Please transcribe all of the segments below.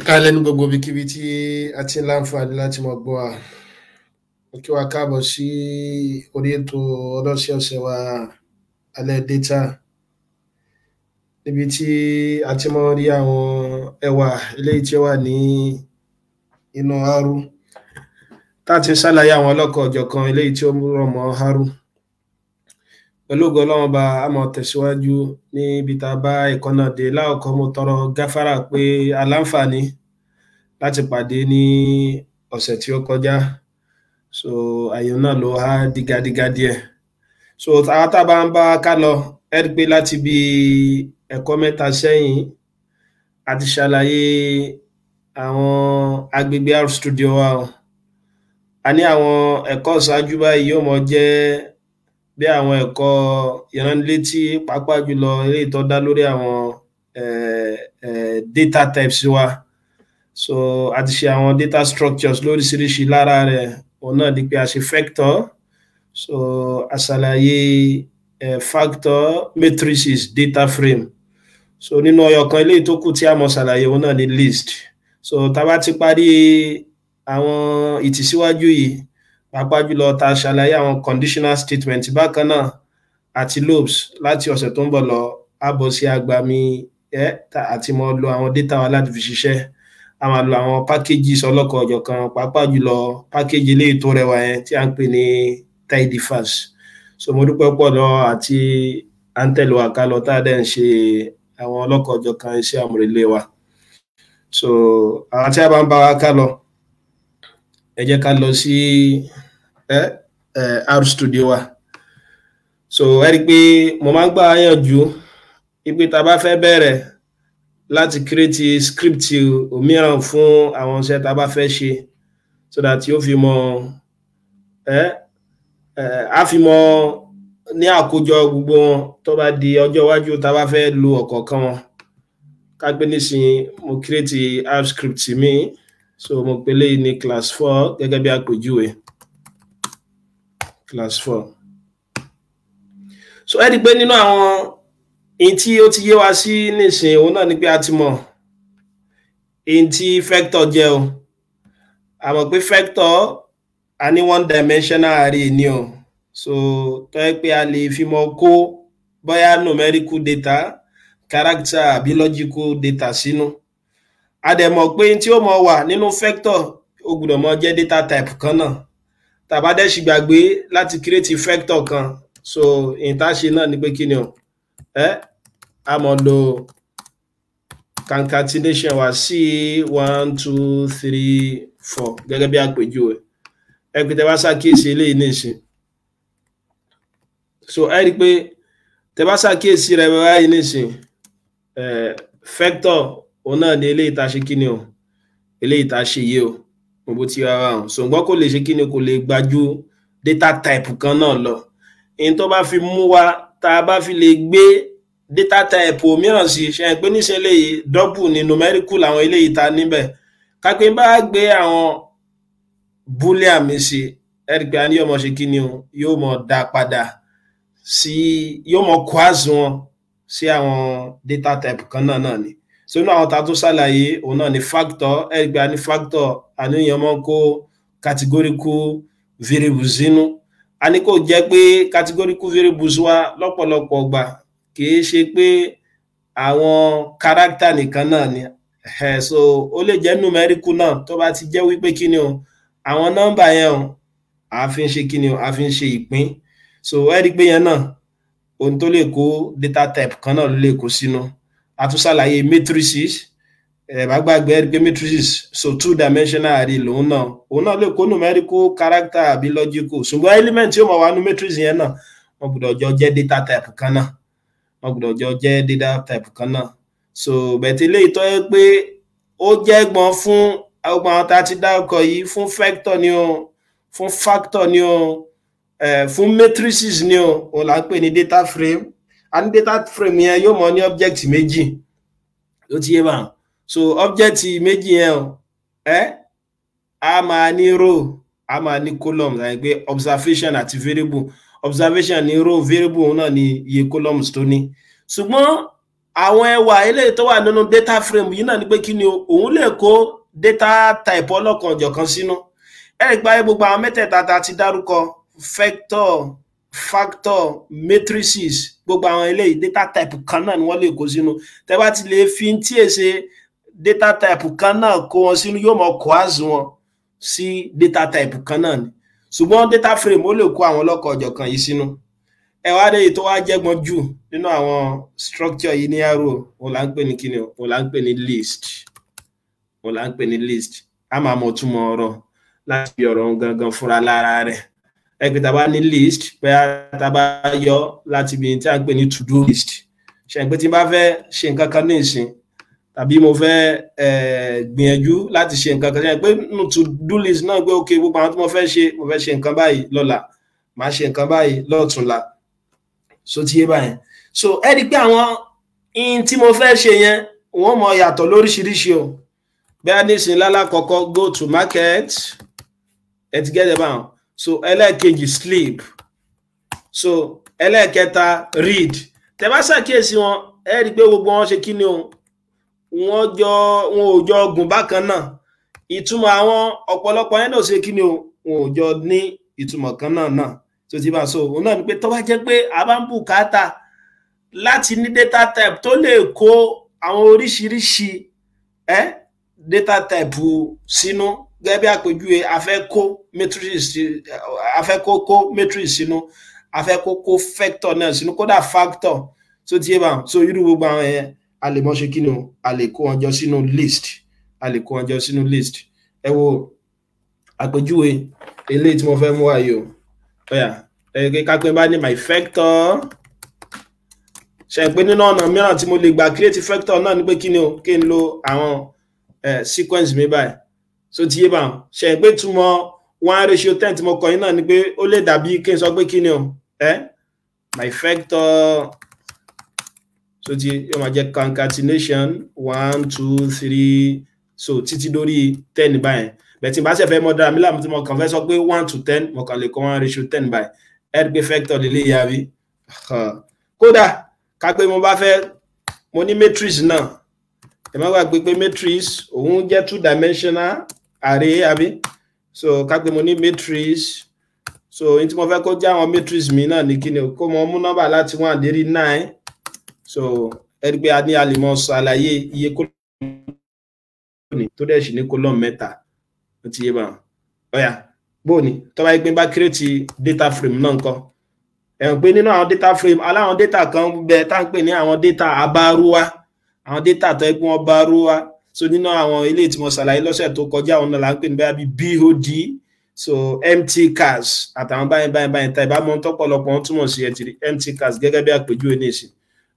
ẹ̀kálẹ́ ní gbogbo ibikíbi tí a ti ń láǹfààní láti mọ̀ gbọ́ wa mo kí wa káàbọ̀ sí orí ètò ọlọ́sẹ̀ ọ̀sẹ̀ wa alẹ́ data níbi tí a ti mọ̀ rí àwọn ẹwà eléyìí tí ó wà ní inú haru tá a ti ń ṣàlàyé àwọn ọlọ́kọ̀ ọ̀jọ̀kan eléyìí tí ó rọ̀ mọ́ haru pẹ̀lú ògo ọlọ́run ọba a máa tẹ̀síwájú níbi tá a bá ẹ̀kọ́ náà dé láòkọ́ mo tọrọ gáfárà pé aláǹfààní láti pàdé ní ọ̀sẹ̀ tí ó kọjá so àyè náà ló há dígadíga díẹ̀ so àwa tá a bá ń bá ká lọ ẹ rí pé láti bí ẹ̀kọ́ mẹ́ta sẹ́yìn a ti ṣàlàyé àwọn agbègbè R studio wa a ní àwọn ẹ̀kọ́ ṣáájú báyìí yóò mọ jẹ́ bí àwọn ẹ̀kọ́ ìránnilétí pàápàá jùlọ eléyìí tó dá lórí àwọn data types wa so a ti ṣe àwọn data structures lóríṣiríṣi lára rẹ̀ òun náà di pé a ṣe factor so a ṣàlàyé factor matrices data frame so nínú ọyọ kan eléyìí tó kù tí a mọ̀ ṣàlàyé òun náà ni list so tá a bá ti parí àwọn ìtìsíwájú yìí pàápàá jùlọ ta ṣàlàyé àwọn conditional statement bákan náà àti lobes láti ọ̀sẹ̀ tó ń bọ̀ lọ á sí agbami ẹ́ àti mo lo àwọn data wa láti fi ṣiṣẹ́ a máa lo àwọn packages ọlọ́kọ̀ ọ̀jọ̀kan pàápàá jùlọ package ilé ètò rẹwà yẹn tí a ń pè ní tidyverse so mo dúpẹ́ pọ̀ lọ àti antel wa ká lọ tá a dẹ̀ ń ṣe àwọn ọlọ́kọ̀ ọ̀jọ̀kan iṣẹ́ àmúrelé wa so àwọn tí a bá ń bá wa ká ẹ jẹ́ ká lọ sí. Si, r studio wa so ẹ rí i pé mo máa ń gbà yànjú ipe tá a bá fẹ́ bẹ̀rẹ̀ láti kírètì script òmíràn fún àwọn iṣẹ́ tá bá fẹ́ ṣe so that yóò fi mọ ẹ ẹ á fi mọ ní àkójọ gbogbo wọn tó bá di ọjọ́ iwájú tá a bá fẹ́ lo ọ̀kọ̀ọ̀kan wọn ká gbé nísìnyí mo kírètì r script mi so mo pèlè ní class four gẹ́gẹ́ bí àpèjúwe class four so ẹ rí i pé nínú àwọn èyí tí ó ti yé wa sí nísìnyí òun náà ni pé a ti mọ̀ èyí tí vector jẹ́ o a mọ̀ pé vector a ní one dimensional array ni o so tó yẹ pé a lè fi mọ kó bóyá numerical data character àbí logical data sínú a dẹ̀ mọ̀ pé tí ó mọ wà nínú vector ó gbọ́dọ̀ mọ jẹ́ data type kan náà tàbá dẹ̀ sì láti create vector kan so ìtaṣe náà ni pé kí ni o ẹ a mọ̀ lo concatenation wa sí one two three four gẹ́gẹ́ bí àpèjúwe ẹ pé tẹ ṣàkíyèsí eléyìí nìsín so ẹ rí i pé tẹ bá ṣàkíyèsí rẹ báyìí nìsín vector òun náà ni eléyìí tá a ṣe kí ni o eléyìí tá a ṣe yìí o gbogbo ti ara hàn ṣùgbọ́n kò lè ṣe kí ni kò lè gbajú data type kan náà lọ èyí tó bá fi mú wa tá a bá fi lè gbé data type òmíràn sí ṣe é pé níṣẹ́ eléyìí double ni numerical làwọn eléyìí ta níbẹ̀ kápẹ́ bá gbé àwọn boolean mi sí ẹ̀rí pé a ní yóò mọ̀ ṣe kí ni o yóò mọ̀ dá padà sí yóò mọ̀ kó àzùn wọn sí àwọn data type kan náà náà ni sínú àwọn tá a tún ṣàlàyé òun náà ní factor ẹgbẹ́ ní factor àníyàn mọ́ kó categorical variables sínú a ní kò jẹ́ pé categorical variables wa lọ́pọ̀lọpọ̀ ọgbà kìí ṣe pé àwọn character nìkan náà ni so ó lè jẹ́ numerical náà tó bá ti jẹ́ wípé kí ni o àwọn nọ́mbà yẹn o a ń ṣe kí ni o a ń ṣe ìpín so ẹ rí i pé yẹn náà ohun tó lè kó data type kan náà ló lè kó sínú. no a tún ṣàlàyé matrices ẹ̀bá gbàgbé pé matrices so two dimensional array lòun náà òun náà lè kó numerical character àbí logical ṣùgbọ́n element yóò mọ̀ wá nu matrix yẹn náà wọ́n gbọ́dọ̀ jọ jẹ́ data type kan náà wọ́n gbọ́dọ̀ jọ jẹ́ data type kan náà so bẹ̀tẹ̀ ilé ìtọ́ yẹ pé ó jẹ́ gbọ́n fún ọgbọ́n àwọn tá a ti dárúkọ yìí fún factor ni o fún factor ni o fún matrices ni o òun là ń pè ní data frame a ní data frame yẹn yóò mọ ní object méjì ló ti yé báwọn so object méjì yẹn o ẹ a máa ní row a máa ní column láti gbé observation àti variable observation ní row variable òun náà ní iye columns tó ní ṣùgbọ́n àwọn ẹwà eléyìí tó wà nínú data frame yìí náà ni pé kí ni òun lè kó data type ọlọ́kan ọ̀jọ̀kan sínú ẹ̀rí parí gbogbo àwọn mẹ́tẹ̀ẹ̀ta tá a ti dárúkọ vector factor matrices gbogbo àwọn eléyìí data type kan náà ni wọ́n lè kó sínú tẹ́ bá ti lè fi tí èsè data type kan náà kó wọn sínú yóò mọ coas wọn sí data type kan náà ni ṣùgbọ́n data frame ó lè kó àwọn ọlọ́kọ̀ ọ̀jọ̀kan yìí sínú ẹ wá dé èyí tó wá jẹ́gbọ́n jù nínú àwọn structure yìí ní arrow òun là ń pè ní kíni òun là ń pè ní list òun là ń pè ní list a máa mọ̀ túmọ̀ ọ̀rọ̀ láti fi ọ̀rọ̀ gangan fúnra lára rẹ̀ ẹgbẹ́ tá a bá ní list bẹ́ẹ̀ tá a bá yọ láti ibi tí a ń ní to do list ṣẹ̀ǹpẹ́ tí n bá fẹ́ ṣe nǹkan kan ní ìsìn tàbí mo fẹ́ gbìyànjú láti ṣe nǹkan kan ṣẹ̀ǹpẹ́ nù to do list náà pé ok gbogbo àwọn tí mo fẹ́ ṣe mo fẹ́ ṣe nǹkan báyìí lọ́la màá ṣe nǹkan báyìí lọ́tùnla so ti yé báyẹn so ẹ rí i pé àwọn ihun tí mo fẹ́ ṣe yẹn wọ́n mọ yàtọ̀ lóríṣiríṣi o bẹ́ẹ̀ nísìnyí lálákọ̀ọ́kọ́ go to market ẹ ti gẹ́gẹ́ báwọn so ẹlẹ́ẹ̀kejì sleep so ẹlẹ́ẹ̀kẹta read tẹ́ bá ṣàkíyèsí wọn ẹ rí i pé gbogbo wọn ṣe kí ni o wọn jọ wọn ò jọ gùn bákan náà ìtumọ̀ àwọn ọ̀pọ̀lọpọ̀ yẹn náà ṣe kí ni o wọn ò jọ ní ìtumọ̀ kan náà náà tó ti bá so òun náà ni pé tó bá jẹ́ pé a bá ń bùkátà láti ní data type tó lè kó àwọn oríṣiríṣi ẹ data type sínú gẹ́gẹ́ bí àpèjúwe a matrix a matrix sínú a fẹ́ factor náà sínú kódà factor tó ti yé bá so irú gbogbo àwọn yẹn a lè mọ ṣe kí ni a lè kó wọn sínú list a lè kó wọn sínú list ẹ wo àpèjúwe eléyìí tí mo fẹ́ mú wá yìí o ọ̀yà ẹ̀ẹ́dẹ́gbẹ́ kápẹ́ bá ní my factor ṣe pé nínú ọ̀nà mìíràn tí mo lè gbà create factor náà ni pé kí ni o kí n lo àwọn eh, sequence mi báyìí so ti yé bá wọn ṣe pé túmọ̀ one ratio ten tí mo kọ yín náà ni pé ó lè dàbí kí n sọ pé kí ni o ẹ so ti yóò máa jẹ concatenation one two three so títí dórí ten báyìí bẹ̀tí bá ṣe fẹ́ mọ́ dára mi láàmú tí mo kàn fẹ́ sọ pé one to ten mo kàn lè kọ́ one ratio ten báyìí ẹ factor. vector lélẹ̀ yà bí kódà ká pé mo bá fẹ́ mo ní matrix náà ẹ má gbàgbé pé matrix òun jẹ́ two dimensional array àbí so ká pé mo ní matrix so n tí mo fẹ́ kó jẹ́ àwọn matrix mi náà ní kíni kó mo mú nọ́mbà láti one dérí nine so ẹni pé a ní a lè mọ ṣàlàyé iye kólọ́ọ̀mù tó dẹ̀ sì ní kólọ́ọ̀mù mẹ́ta ó ti yé báwọn ọ̀yà bóòní tó bá bá kírètì data frame náà nǹkan ẹ̀hún pé nínú àwọn data frame aláwọn data kan bẹ tá à ń pè ní àwọn data abáruwa àwọn data tó yẹ pé wọ́n bá so nínú àwọn ilé tí mo ṣàlàyé lọ́sẹ̀ tó kọjá òun náà là ń pè ní báyà bíi BOD so MT cars àtàwọn báyìí báyìí báyìí ta ìbámu tọ́pọ̀lọpọ̀ wọn túmọ̀ sí ẹtì MT cars gẹ́gẹ́ bí àpèjúwe nìsín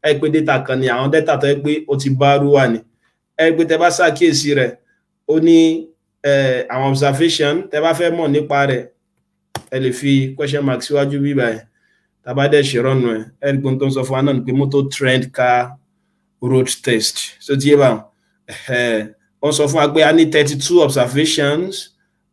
ẹ pé data kan ni àwọn data tó yẹ pé ó ti bá rú wà ní ẹ pé tẹ bá ṣàkíyèsí rẹ̀ ó ní àwọn observation tẹ bá fẹ́ mọ̀ nípa rẹ̀ ẹ lè fi question mark síwájú bíbá ẹ tàbá dẹ ṣèrànù ẹ ẹ gbọ́n tó ń sọ fún wa náà ni pé motor trend car road test so tí yé báwọn wọ́n sọ fún wa pé a ní thirty two observations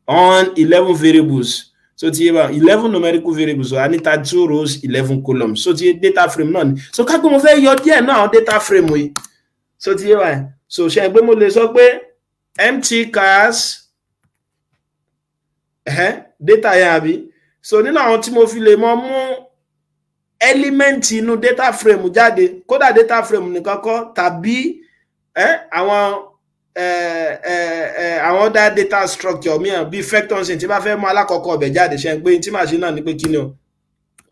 on eleven variables so ti yé ba eleven numerical variables so a ní thirty two rows eleven columns so ti yé data frame náà ni so ká pé mo fẹ́ yọ díẹ̀ náà data frame yìí so ti yé ba so ṣe é pé mo lè sọ pé empty cars data yẹn àbí so nínú àwọn tí mo fi lè mọ mú ẹlímẹ́ǹtì inú data frame jáde kódà data frame nìkan kọ́ tàbí àwọn àwọn dá data structure mìíràn bíi vectors tí bá fẹ́ mú alákọ̀ọ́kọ́ ọbẹ̀ jáde ṣe pé tí màṣínì náà ní pé kí ni o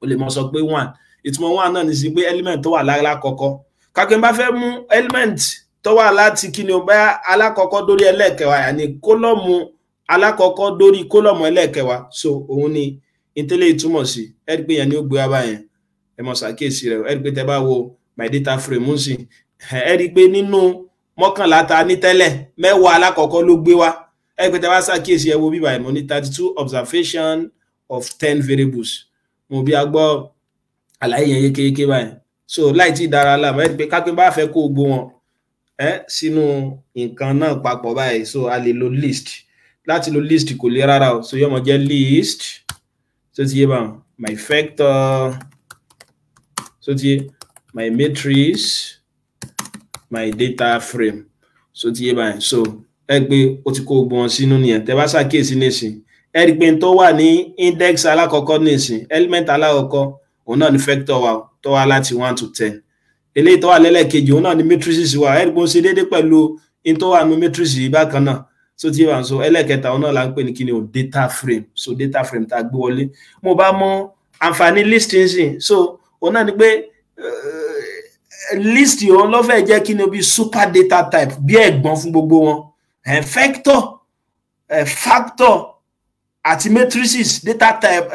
o lè mọ sọ pé one ìtumọ̀ one náà ní sí pé element tó wà lára kọ̀ọ̀kọ́ kàkín bá fẹ́ mú element tó wà láti kí ni o bá alákọ̀ọ́kọ́ dórí ẹlẹ́ẹ̀kẹwàá yà ní kólọ́mù alákọ̀ọ́kọ́ dórí kólọ́mù ẹlẹ́ẹ̀kẹwàá so òun ni ìtẹ́lẹ̀ ìtumọ̀ sí ẹ rí pé yẹn ni ó gbé wá báyẹn ẹ mọ̀ ṣàkíyèsí rẹ ẹ rí pé tẹ bá wo my data frame ń sìn ẹ rí pé nínú mọ́kànlá ta ní tẹ́lẹ̀ mẹ́wàá alákọ̀ọ́kọ́ ló gbé wa ẹ pé tẹ́ bá ṣàkíyèsí ẹ bíbá ìmọ̀ ní thirty two observation of ten variables mo bí a gbọ́ àlàyé yẹn yékéyéké báyìí so láì tí ì dára láàmú ẹ pé kápẹ́ bá fẹ́ kó gbó wọn ẹ sínú nǹkan náà papọ̀ báyìí so a lè lo list láti lo list kò le rárá o so yóò mọ jẹ list so ti yé báwọn my factor so ti yé my matrix my data frame so ti yé báyìí so ẹ pé ó ti kó gbogbo wọn sínú nìyẹn tẹ bá ṣàkíyèsí nísìn ẹ rí i pé n tó wà ní index alákọ̀ọ́kọ́ nísìn element alákọ̀ọ́kọ́ òun náà ni vector wa tó wá láti one to ten eléyìí tó wà lẹ́lẹ́kejì òun náà ni matrices wa ẹ rí i pé ó ṣe déédéé pẹ̀lú n tó wà ní matrices yìí bákan náà so ti yé báyìí so ẹlẹ́kẹta òun náà là ń pè ní kíni o data frame so data frame tá a gbé wọlé mo bá mọ àǹfààní listing so òun náà ni pé list yìí wọn lọ́fẹ̀ẹ́ jẹ́ kí ni bí super data type bí ẹ̀gbọ́n fún gbogbo wọn vector factor àti matrices data type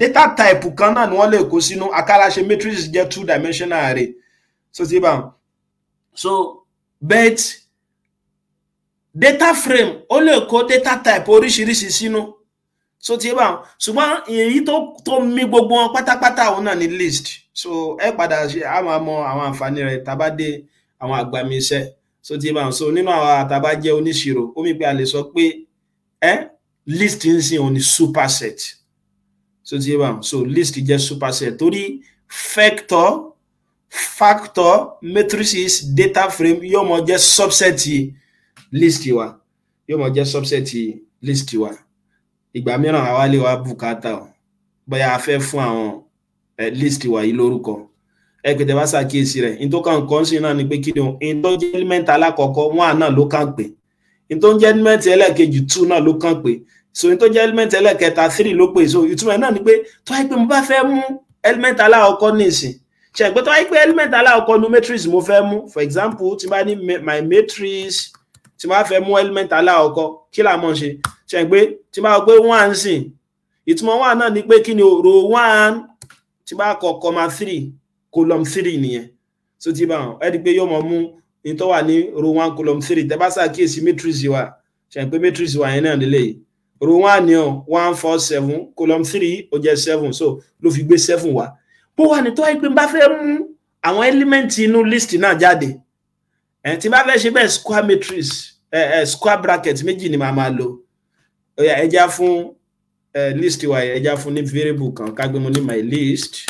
data type kan náà ni wọ́n lè kó sínú akálàṣe matrices jẹ́ two dimensional array so ti bá so bet data frame ó lè data type si sínú so ti bá wọn ṣùgbọ́n to tó mi gbogbo wọn pátápátá òun náà ni list so ẹ padà ṣe a máa mọ àwọn àǹfààní rẹ̀ tá a bá dé àwọn àgbàmì iṣẹ́ so ti bá so nínú àwọn àtàbá jẹ́ oníṣirò ó mi pé a lè sọ pé ẹ list ń sìn òun superset so ti bá so list jẹ́ superset torí factor factor matrices data frame yóò mọ jẹ́ subset list wa yóò mọ jẹ́ subset list wa ìgbà mìíràn àwa lè wá bùkátà bóyá a fẹ́ fún àwọn list wa yìí lórúkọ ẹ pé tẹ́wá ṣàkíyèsí rẹ̀ ní tó kàn kọ́ sí náà ni pé kí ni o ní tó jẹ́ element alákọ̀ọ́kọ́ one náà ló kàn pé ní tó jẹ́ element ẹlẹ́ẹ̀kejì two náà ló kàn pé so ní tó jẹ́ element ẹlẹ́ẹ̀kẹta three ló pè so ìtumọ̀ náà ni pé tó wáyé pé mo bá fẹ́ mú element alákọ̀ọ́kọ́ nísìn ṣe pé tó wáyé pé element alákọ̀ọ́kọ́ nu matrix mo fẹ́ mú for example tí bá ní my matrix tí máa fẹ́ mú element alákọ̀ọ́kọ́ kí là mọ̀ ṣe ṣe pé tí máa gbé one sìn ìtumọ̀ one náà ni pé kí ni o row one tí bá kọ comma three column three nìyẹn so ti bá wọn ẹ di pé yóò mọ mú ní tó wà ní row one column three tẹ bá ṣàkíyèsí matrix wa ṣe pé matrix wa yẹn náà nílé yìí row one ni ọ one four seven column three ó jẹ seven so ló fi gbé seven wá bó wà ní tó wáyé pé n bá fẹ́ mú àwọn ẹ́límẹ́ǹtì inú list náà jáde ẹ̀ tí bá fẹ́ ṣe bẹ́ẹ̀ square matrix ẹ̀ ẹ̀ square bracket méjì ni màá máa lò ẹ̀já fún uh, list wa ẹja fún ní variable kan ká gbé mu ní my list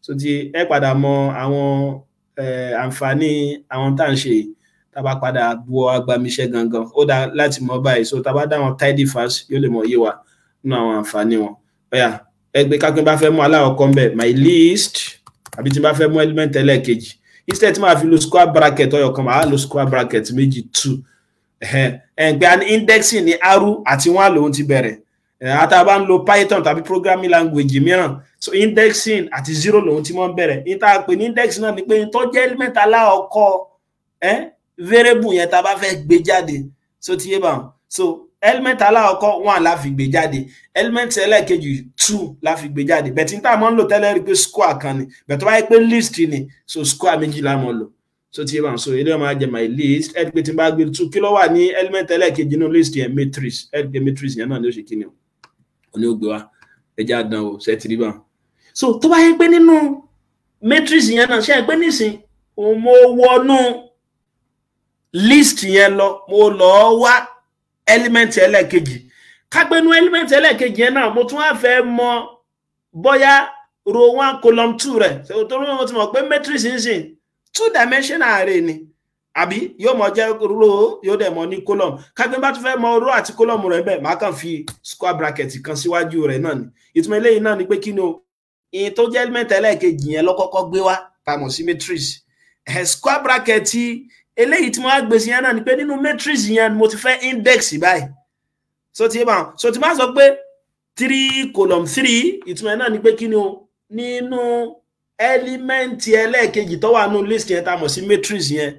so ti ẹ padà mọ àwọn àǹfààní àwọn tá à ń ṣe tábà padà wọ agbamiṣẹ gangan ó dá láti mọ báyìí so tábà dá wọn tidy fast yóò lè mọ yé wa nínú àwọn àǹfààní wọn ọyà ẹgbẹ kápẹ́ bá fẹ́ mú aláwọ̀kọ́ mbẹ my list àbí tí n bá fẹ́ mú element ẹlẹ́ẹ̀kejì instead tí màá fi lo square bracket ọyọ̀ kan màá lo square bracket méjì two ẹ̀ ẹ̀ pé indexing ní aru àti one lòun ti bẹ̀rẹ̀ àtàbá eh, ń lo python tàbí programming language mìíràn so indexing àti zero lòun ti mọ bẹ̀rẹ̀ níta pé ní indexing náà ni pé tó jẹ́ element aláọkọ eh, variable yẹn tá a bá fẹ́ gbé jáde so ti yé bá wọn so element aláọkọ one la fi gbé jáde element ẹlẹ́ẹ̀kejì two la fi gbé jáde bẹ̀tí níta mọ́ ń lò tẹ́lẹ̀ rí pé square kan ni bẹ̀tọ́ bá yẹ pé list ni so square méjì la mọ̀ lò so ti yé bá wọn so eléyìí máa jẹ my list ẹ pé tí n bá gbé two kí ló wà ní element ẹlẹ́ẹ̀kejì nínú list yẹn matrix ẹ pé matrix yẹn náà ló ṣe kí ni o oní wa ẹjẹ àdán o ṣe ti rí bá so tó bá yẹ pé nínú matrix yẹn náà ṣe é pé nísìn òun mo wọnú list yẹn lọ mo lọ wá element ẹlẹ́ẹ̀kejì kágbénú element ẹlẹ́ẹ̀kejì yẹn náà mo tún wá fẹ́ mọ bóyá row one column two rẹ̀ tó rán wọn ti mọ̀ pé matrix ń sìn two dimensional array ni àbí yóò mọ jẹ́ ró yóò dẹ̀ mọ ní column kágbé bá tún fẹ́ mọ ró àti column rẹ̀ bẹ́ẹ̀ máa kàn fi square bracket kan síwájú rẹ̀ náà ni ìtumọ̀ eléyìí náà ni pé kí ni o ìyẹn tó jẹ́ element ẹlẹ́ẹ̀kejì yẹn lọ́kọ́kọ́ gbé wá pamọ́ sí matrix square bracket eléyìí tí mo á gbèsè yẹn náà ni pé nínú matrix yẹn mo ti fẹ́ index báyìí so ti bá so ti máa sọ pé three column three ìtumọ̀ yẹn náà ni pé kí ni o nínú ẹlímẹ́ǹtì ẹlẹ́ẹ̀kejì tó wà nínú list yẹn tá sí matrix yẹn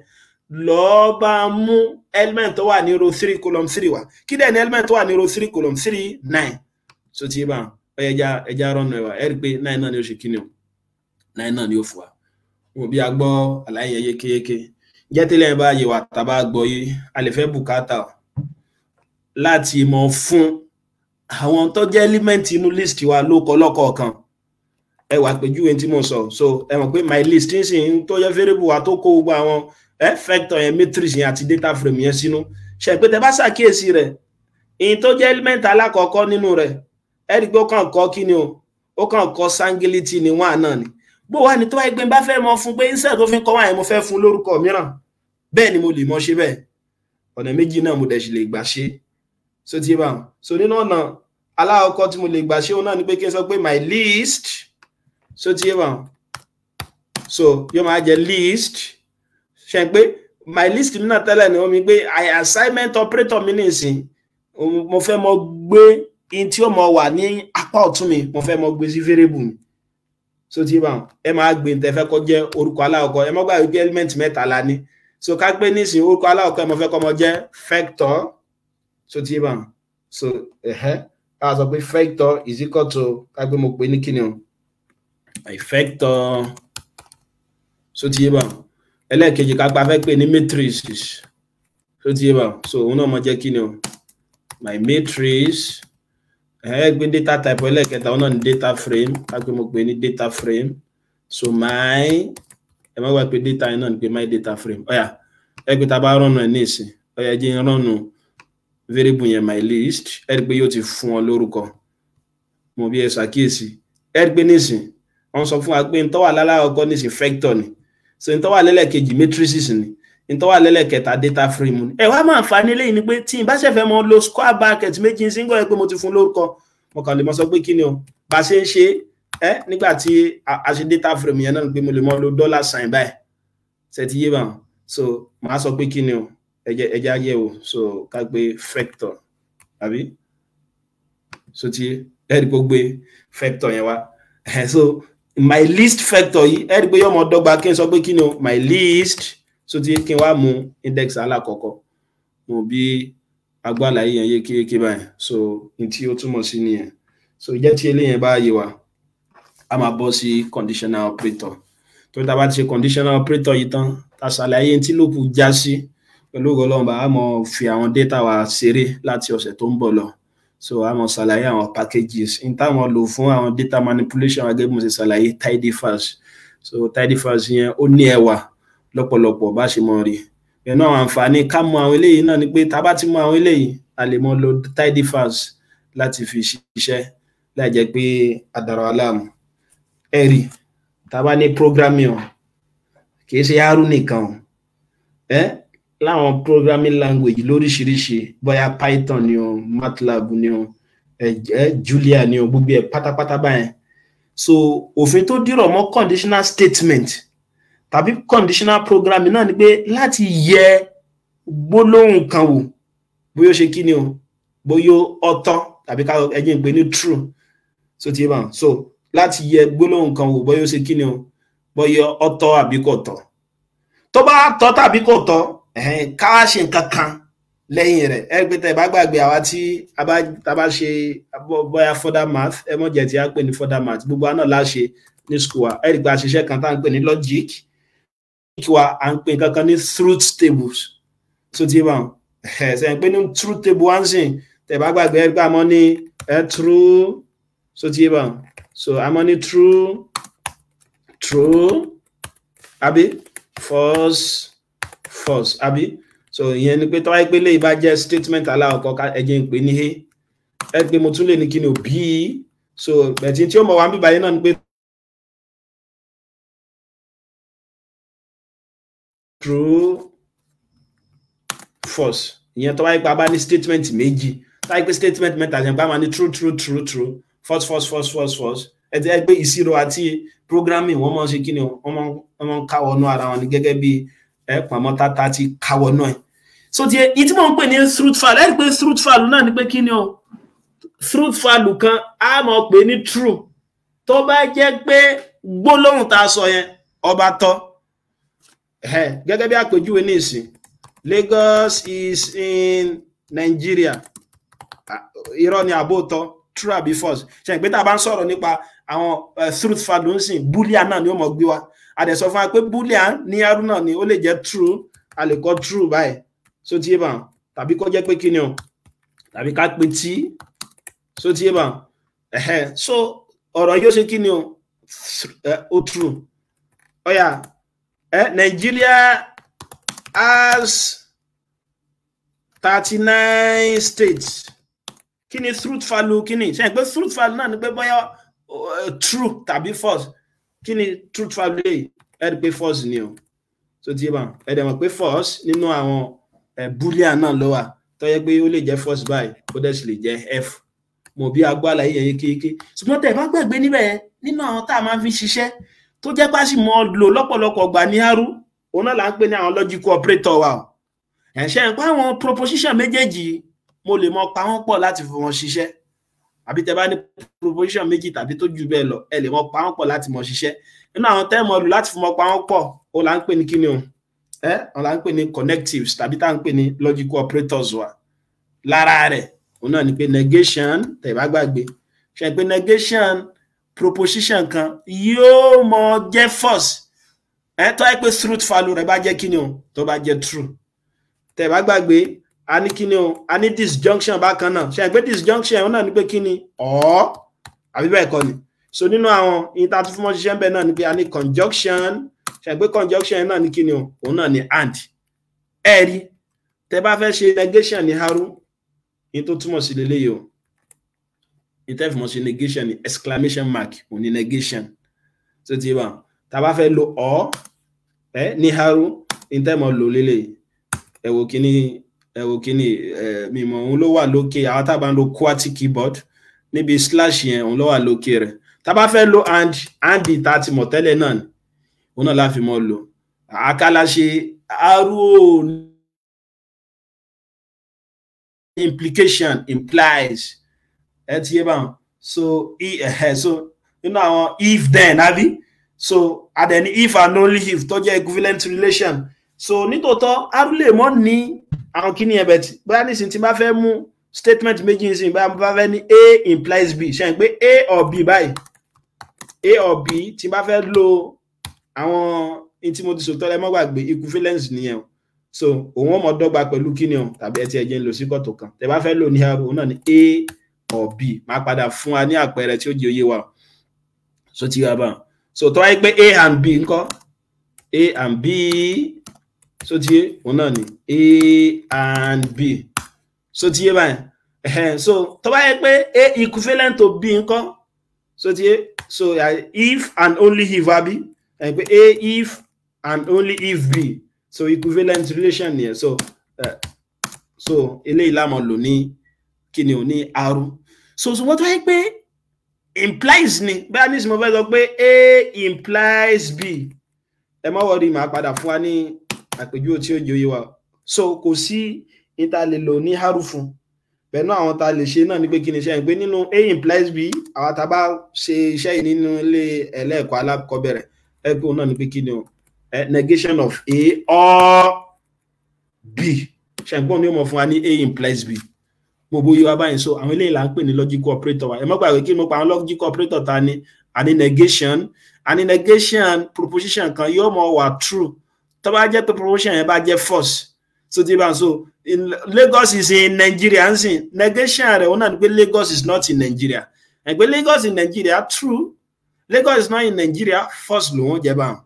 lọ́ọ́ bá mú element tó wà ní row three column three wá kí dẹ̀ ní element tó wà ní row three column three nine so ti bá ẹja ẹja rọnà ẹwà ẹ rí i pé nine náà ni ó ṣe kíni o nine náà ni ó fò wá wọn bí a gbọ́ àlàyé yékéyéké jẹ́tẹ́lẹ̀ bá yẹ wà tàbá gbọ́ yé a lè fẹ́ bùkátà láti mọ̀ fún àwọn tó jẹ́ element inú list wa lóko lọ́kọ̀ọ̀kan ẹ wà pèjúwe tí mo sọ so ẹ mọ̀ pé my list ń sìn tó yẹ fẹ́rẹ́bù wa tó kó gbogbo àwọn ẹ vector yẹn matrix yẹn àti data frame yẹn sínú ṣẹ̀pẹ́ tẹ bá ṣàkíyèsí rẹ̀ ìyìn tó jẹ́ element alákọ̀ọ́kọ́ nínú rẹ̀ ẹ pé ó kàn kọ́ kí ni o ó kàn kọ́ sangility ni wọ́n àná ni bó wà ní tó wáyé pé bá fẹ́ mọ fún pé iṣẹ́ tó fi kọ́ wáyé mo fẹ́ fún lórúkọ mìíràn bẹ́ẹ̀ ni mo lè mọ ṣe bẹ́ẹ̀ ọ̀nà méjì náà mo dẹ̀ sì lè gbà ṣe so ti bá wọn so nínú ọ̀nà alákọ̀ọ́kọ́ tí mo lè gbà ṣe òun náà ni pé kí n sọ pé my list so ti bá so yóò máa jẹ list ṣe pé my list mi náà tẹ́lẹ̀ ni wọ́n mi pé assignment operator mi nìsín mo fẹ́ mọ gbé in tí ó mọ wà ní apá ọ̀tún mi mo fẹ́ mọ gbé sí variable mi so ti bá wọn ẹ máa gbé ntẹ fẹ́ kó jẹ́ orúkọ aláwọ̀kọ ẹ má gbàgbé pé element mẹ́ta la ní so ká gbé nísìn orúkọ aláwọ̀kọ ẹ mọ fẹ́ kó mọ jẹ́ vector so ti bá wọn so ẹ̀hẹ́ a sọ pé vector is equal to ká gbé mo pè ní kíni o vector so ti bá ẹlẹ́ẹ̀kejì kápá fẹ́ pè ní matrices tó ti yé bá so òun náà mọ jẹ́ kí ni o my matrix ẹ gbé data type ẹlẹ́ẹ̀kẹta òun náà ní data frame kápẹ́ mo pè ní data frame so my ẹ má wá pé data yẹn náà ní pé my data frame ọ̀yà ẹ gbé tá a bá rọ̀nù ẹ̀ ní ìsìn ọ̀yà ẹ jẹ́ rọ̀nù variable yẹn my list ẹ rí i pé yóò ti fún ọ lórúkọ mo bí ẹ ṣàkíyèsí ẹ rí i pé nísìn wọn sọ fún wa pé ń tọ́wà lálẹ́ ọkọ nísìn vector ni so n tó wà lẹ́lẹ́kejì matrices ni n tó wà lẹ́lẹ́kẹta data frame ni ẹ wá máa fa nílé yìí ni pé tí n bá ṣẹ̀fẹ̀ mọ lo square bracket méjì single ẹ pé mo ti fún lórúkọ mo kàn lè mọ sọ pé kí ni o bá ṣe ń ṣe ẹ nígbà tí a ṣe data frame yẹn náà pé mo lè mọ lo dollar sign báyìí ṣe yé báwọn so màá sọ pé kí ni o ẹjẹ ẹjẹ ayé o so ká gbé factor àbí so ti ẹ rí gbogbo factor yẹn wá so my least factor yìí ẹ rí i pé yọmọ dọ́gba kí n sọ pé kí ni o my least so ti kí n wá mú index alákọ̀ọ́kọ́ mo bí agbára yìí yẹn yékéyéké báyìí so n tí ó túmọ̀ sí nìyẹn so ìjẹ́ tí eléyẹn bá yé wa a máa bọ́ sí conditional operator tó tá bá ti ṣe conditional operator yìí tán ta ṣàlàyé tí ló kù já sí pẹ̀lú ògbọ́lọ́mọba a mọ̀ fi àwọn data wa ṣeré láti ọ̀sẹ̀ tó ń bọ̀ lọ so a mọ̀ ṣàlàyé àwọn packages n táwọn lò fún àwọn data manipulation gẹ́gẹ́ bí mo ṣe ṣàlàyé tidyverse so tidyverse yẹn ó ní ẹwà lọ́pọ̀lọpọ̀ bá ṣe mọ̀ rí ìyẹn náà àǹfààní ká mọ̀ àwọn eléyìí náà ni pé tá a bá ti mọ̀ àwọn eléyìí a lè mọ̀ lo tidyverse láti fi ṣiṣẹ́ láì jẹ́ pé àdàrà aláàmù ẹ̀rì tá a bá ní programming kì í ṣe yárù nìkan ẹ́ láwọn programming language lóríṣiríṣi bóyá python ni o matlab ni o julia ni o gbogbo ẹ pátápátá báyẹn so òfin tó dìrọ̀ mọ́ conditional statement tàbí conditional programming náà ni pé láti yẹ gbólóhùn kan wò bóyá ó ṣe kí ni o bóyá ó tàbí ká ẹjẹ́ ń ní true so ti bá so láti yẹ gbólóhùn kan wò bóyá ó ṣe kí ni o bóyá ó tọ́ àbí kò tọ́ tó bá tọ́ tàbí kò tọ́ ká wá ṣe nǹkan kan lẹ́yìn rẹ̀ ẹ pé tẹ́ ẹ bá gbàgbé àwa tí a bá ṣe bóyá further math ẹ mọ̀ jẹ́ tí a pè ní further math gbogbo àná la ṣe ní school wa ẹ rí pé a ṣiṣẹ́ kan tá à ń pè ní logic logic wa à ń pè nǹkan kan ní truth tables tó ti bá wọn ẹ ṣe ń pè ní truth table wá ń sìn tẹ́ ẹ bá gbàgbé ẹ pé a ní ẹ true tó ti bá so a mọ̀ ní true true Abi, false false Abi. so ìyẹn ni pé tọ́wá pé lè bá jẹ́ statement aláwọ̀kọ́ ẹ̀jẹ̀ ń pè ní he ẹ pé mo tún lè ní kí ni ò so bẹ̀tí tí ó mọ̀ wá ń bíbáyé náà ni pé true false ìyẹn tọ́wá pé a bá ní statement méjì tọ́wá pé statement mẹ́ta ṣe ń bá máa ní true true true true false false false false false ẹ ti ẹ pé ìṣirò àti programming wọ́n máa ń ṣe kí ni wọ́n máa ń káwọ́ ọ̀nà ara wọn ni gẹ́gẹ́ bíi ẹ pàmọ́ tata ti káwọ́ náà ẹ̀ so ti ẹ ìtí mò ń pè ní through fall ẹ rí pé through fall náà ni pé kí ni o through fall kan a máa pè ní true tó bá jẹ́ pé gbólóhùn tá a sọ yẹn ọba tọ́ gẹ́gẹ́ bí àpèjúwe ní ìsìn Lagos is in Nigeria irọ́ ni àbótọ́ true àbí false ṣe ìpè tá a bá ń sọ̀rọ̀ nípa àwọn truth fall ń sìn búlíà náà ni ó mọ̀ gbé wa àdẹ̀sọ fún wa pé boolean ní haruna ni ó lè jẹ́ true a lè kọ true báyìí so ti yé bá tàbí kó jẹ́ pé kí ni o tàbí ká pe t so ti yé bá so ọ̀rọ̀ yóò ṣe kí ni o ó true ọ̀yà eh, Nigeria has thirty nine states kí ni truth value kí ni ṣe é pé truth value náà ni pé bóyá true tàbí false kí ni truth family ẹ rí pé false ni o tó ti bá ẹ dẹ̀ mọ̀ pé false nínú àwọn boolean náà ló wà tó yẹ pé ó lè jẹ́ false by ó dẹ̀ sì lè jẹ́ f mo bí agbára yẹn yẹn kéèké ṣùgbọ́n tẹ̀ bá gbàgbé níbẹ̀ nínú àwọn tá a máa fi ṣiṣẹ́ tó jẹ́ pé a sì mọ̀ lò lọ́pọ̀lọpọ̀ gbà ní arú òun náà là ń pè ní àwọn logical operator wa o ẹ̀ṣẹ̀ ń pa àwọn proposition méjèèjì mo lè mọ pa wọ́n pọ̀ láti fi wọn ṣiṣẹ́ àbí tẹ bá ní proposition méjì tàbí tó jù bẹ́ẹ̀ lọ ẹ lè mọ pa wọ́n pọ̀ láti mọ ṣiṣẹ́ nínú àwọn tẹ́ lù láti fi mọ pa wọ́n ó là ń pè ní kíni o ẹ ó là ń pè ní connectives tàbí tá à ń pè ní logical operators wa lára rẹ̀ òun náà ni pé negation tẹ bá gbàgbé ṣe pé negation proposition kan yóò mọ jẹ́ false ẹ tọ́ ẹ pé truth value rẹ̀ bá jẹ́ kíni o tó bá jẹ́ true tẹ bá gbàgbé a ní kíni o a ní disjunction bákan náà ṣe àgbẹ̀ disjunction ẹ̀hún náà ní pé kíni ọ̀ àbí bẹ́ẹ̀ kọ́ ni so nínú àwọn yìí tá a tún fún wọn ń bẹ̀ náà ni pé a ní conjunction ṣe àgbẹ̀ conjunction ẹ̀hún náà ní kíni o òun náà ní and ẹ rí tẹ bá fẹ́ ṣe negation ní haru yìí tó túmọ̀ sí leléyìí o yìí tẹ́ fi mọ̀ sí negation ni exclamation mark òun ní negation tó ti wà tá a bá fẹ́ lo ọ̀ ẹ ní haru yìí tẹ́ mọ̀ lò leléyìí ẹ wò ẹ wò kíni ẹ mímọ òun ló wà lókè àwọn tábà ń lo QWERTY keyboard níbi slash yẹn òun ló wà lókè rẹ̀ tábà fẹ́ lo and and tá a ti mọ̀ tẹ́lẹ̀ náà ni òun náà láfi mọ lò àkàlà ṣe arúgbó implication implies ẹ ti yé báwọn so ẹ e, eh, so nínú àwọn if then àbí so adẹni if and only if tó jẹ́ equivalent relation so nítòótọ́ arúgbó lè mọ́ ní àwọn kí ni ẹ̀bẹ̀ tí bóyá nísìnyí tí bá fẹ́ mú statement méjì nísìnyí bóyá mo bá fẹ́ ní a implies b ṣe pé a or b báyìí a or b tí n bá fẹ́ lo àwọn tí mo ti sòtọ́ lẹ́mọ́ gbàgbé equivalence nìyẹn o so òun ọmọ dọ́gba pẹ̀lú kí o tàbí ẹ ti ń lò sí kọ̀tò kan tẹ bá fẹ́ lò ní ààrùn náà ni a or b máa padà fún wa ní àpẹẹrẹ tí ó di òye wa so ti yára bá so tọ́wáyé pé a and b ńkọ́ a and b so tiye òun náà ni a and b so tiye báyìí ẹhẹn so tó bá yẹ pé a equivalent to b ńkọ́ so tiye so uh, if and only if abi ẹ pé a if and only if b so equivalent relation nìyẹn so uh, so eléyìí lámọ lò ní kíni ò ní aru so so wọ́n tó yẹ pé implies ni bẹ́ẹ̀ ní ìsìnkú fẹ́ so, pé a implies b ẹ má wọrí màá padà fún wa ní àpèjúwe tí ó jẹ wa so kò sí ìta lè lò ní harufu pẹ̀lú àwọn ta lè ṣe náà ni pé kí ni iṣẹ́ yẹn pé nínú a implies b àwa ta bá ṣe iṣẹ́ yìí nínú ilé ẹlẹ́ẹ̀kọ́ alákọ̀ọ́bẹ̀rẹ̀ ẹ náà ni pé kí ni o negation of a or b ṣẹ̀gbọ́n mi ò mọ̀ fún wa ní a implies b mo bo yíwa báyìí so àwọn eléyìí là ń pè ní logical operator wa ẹ mọ́ gbàgbé kí ni mo pa àwọn logical operator ta ni àní negation àní negation proposition kan yóò mọ̀ wà true tó bá jẹ́ pé promotion yẹn bá jẹ́ force so ti bá so Lagos is in Nigeria ń sin negation rẹ̀ ó náà ni pé Lagos is not in Nigeria ẹgbẹ́ Lagos in Nigeria true Lagos is not in Nigeria force lòun jẹ́ báwọn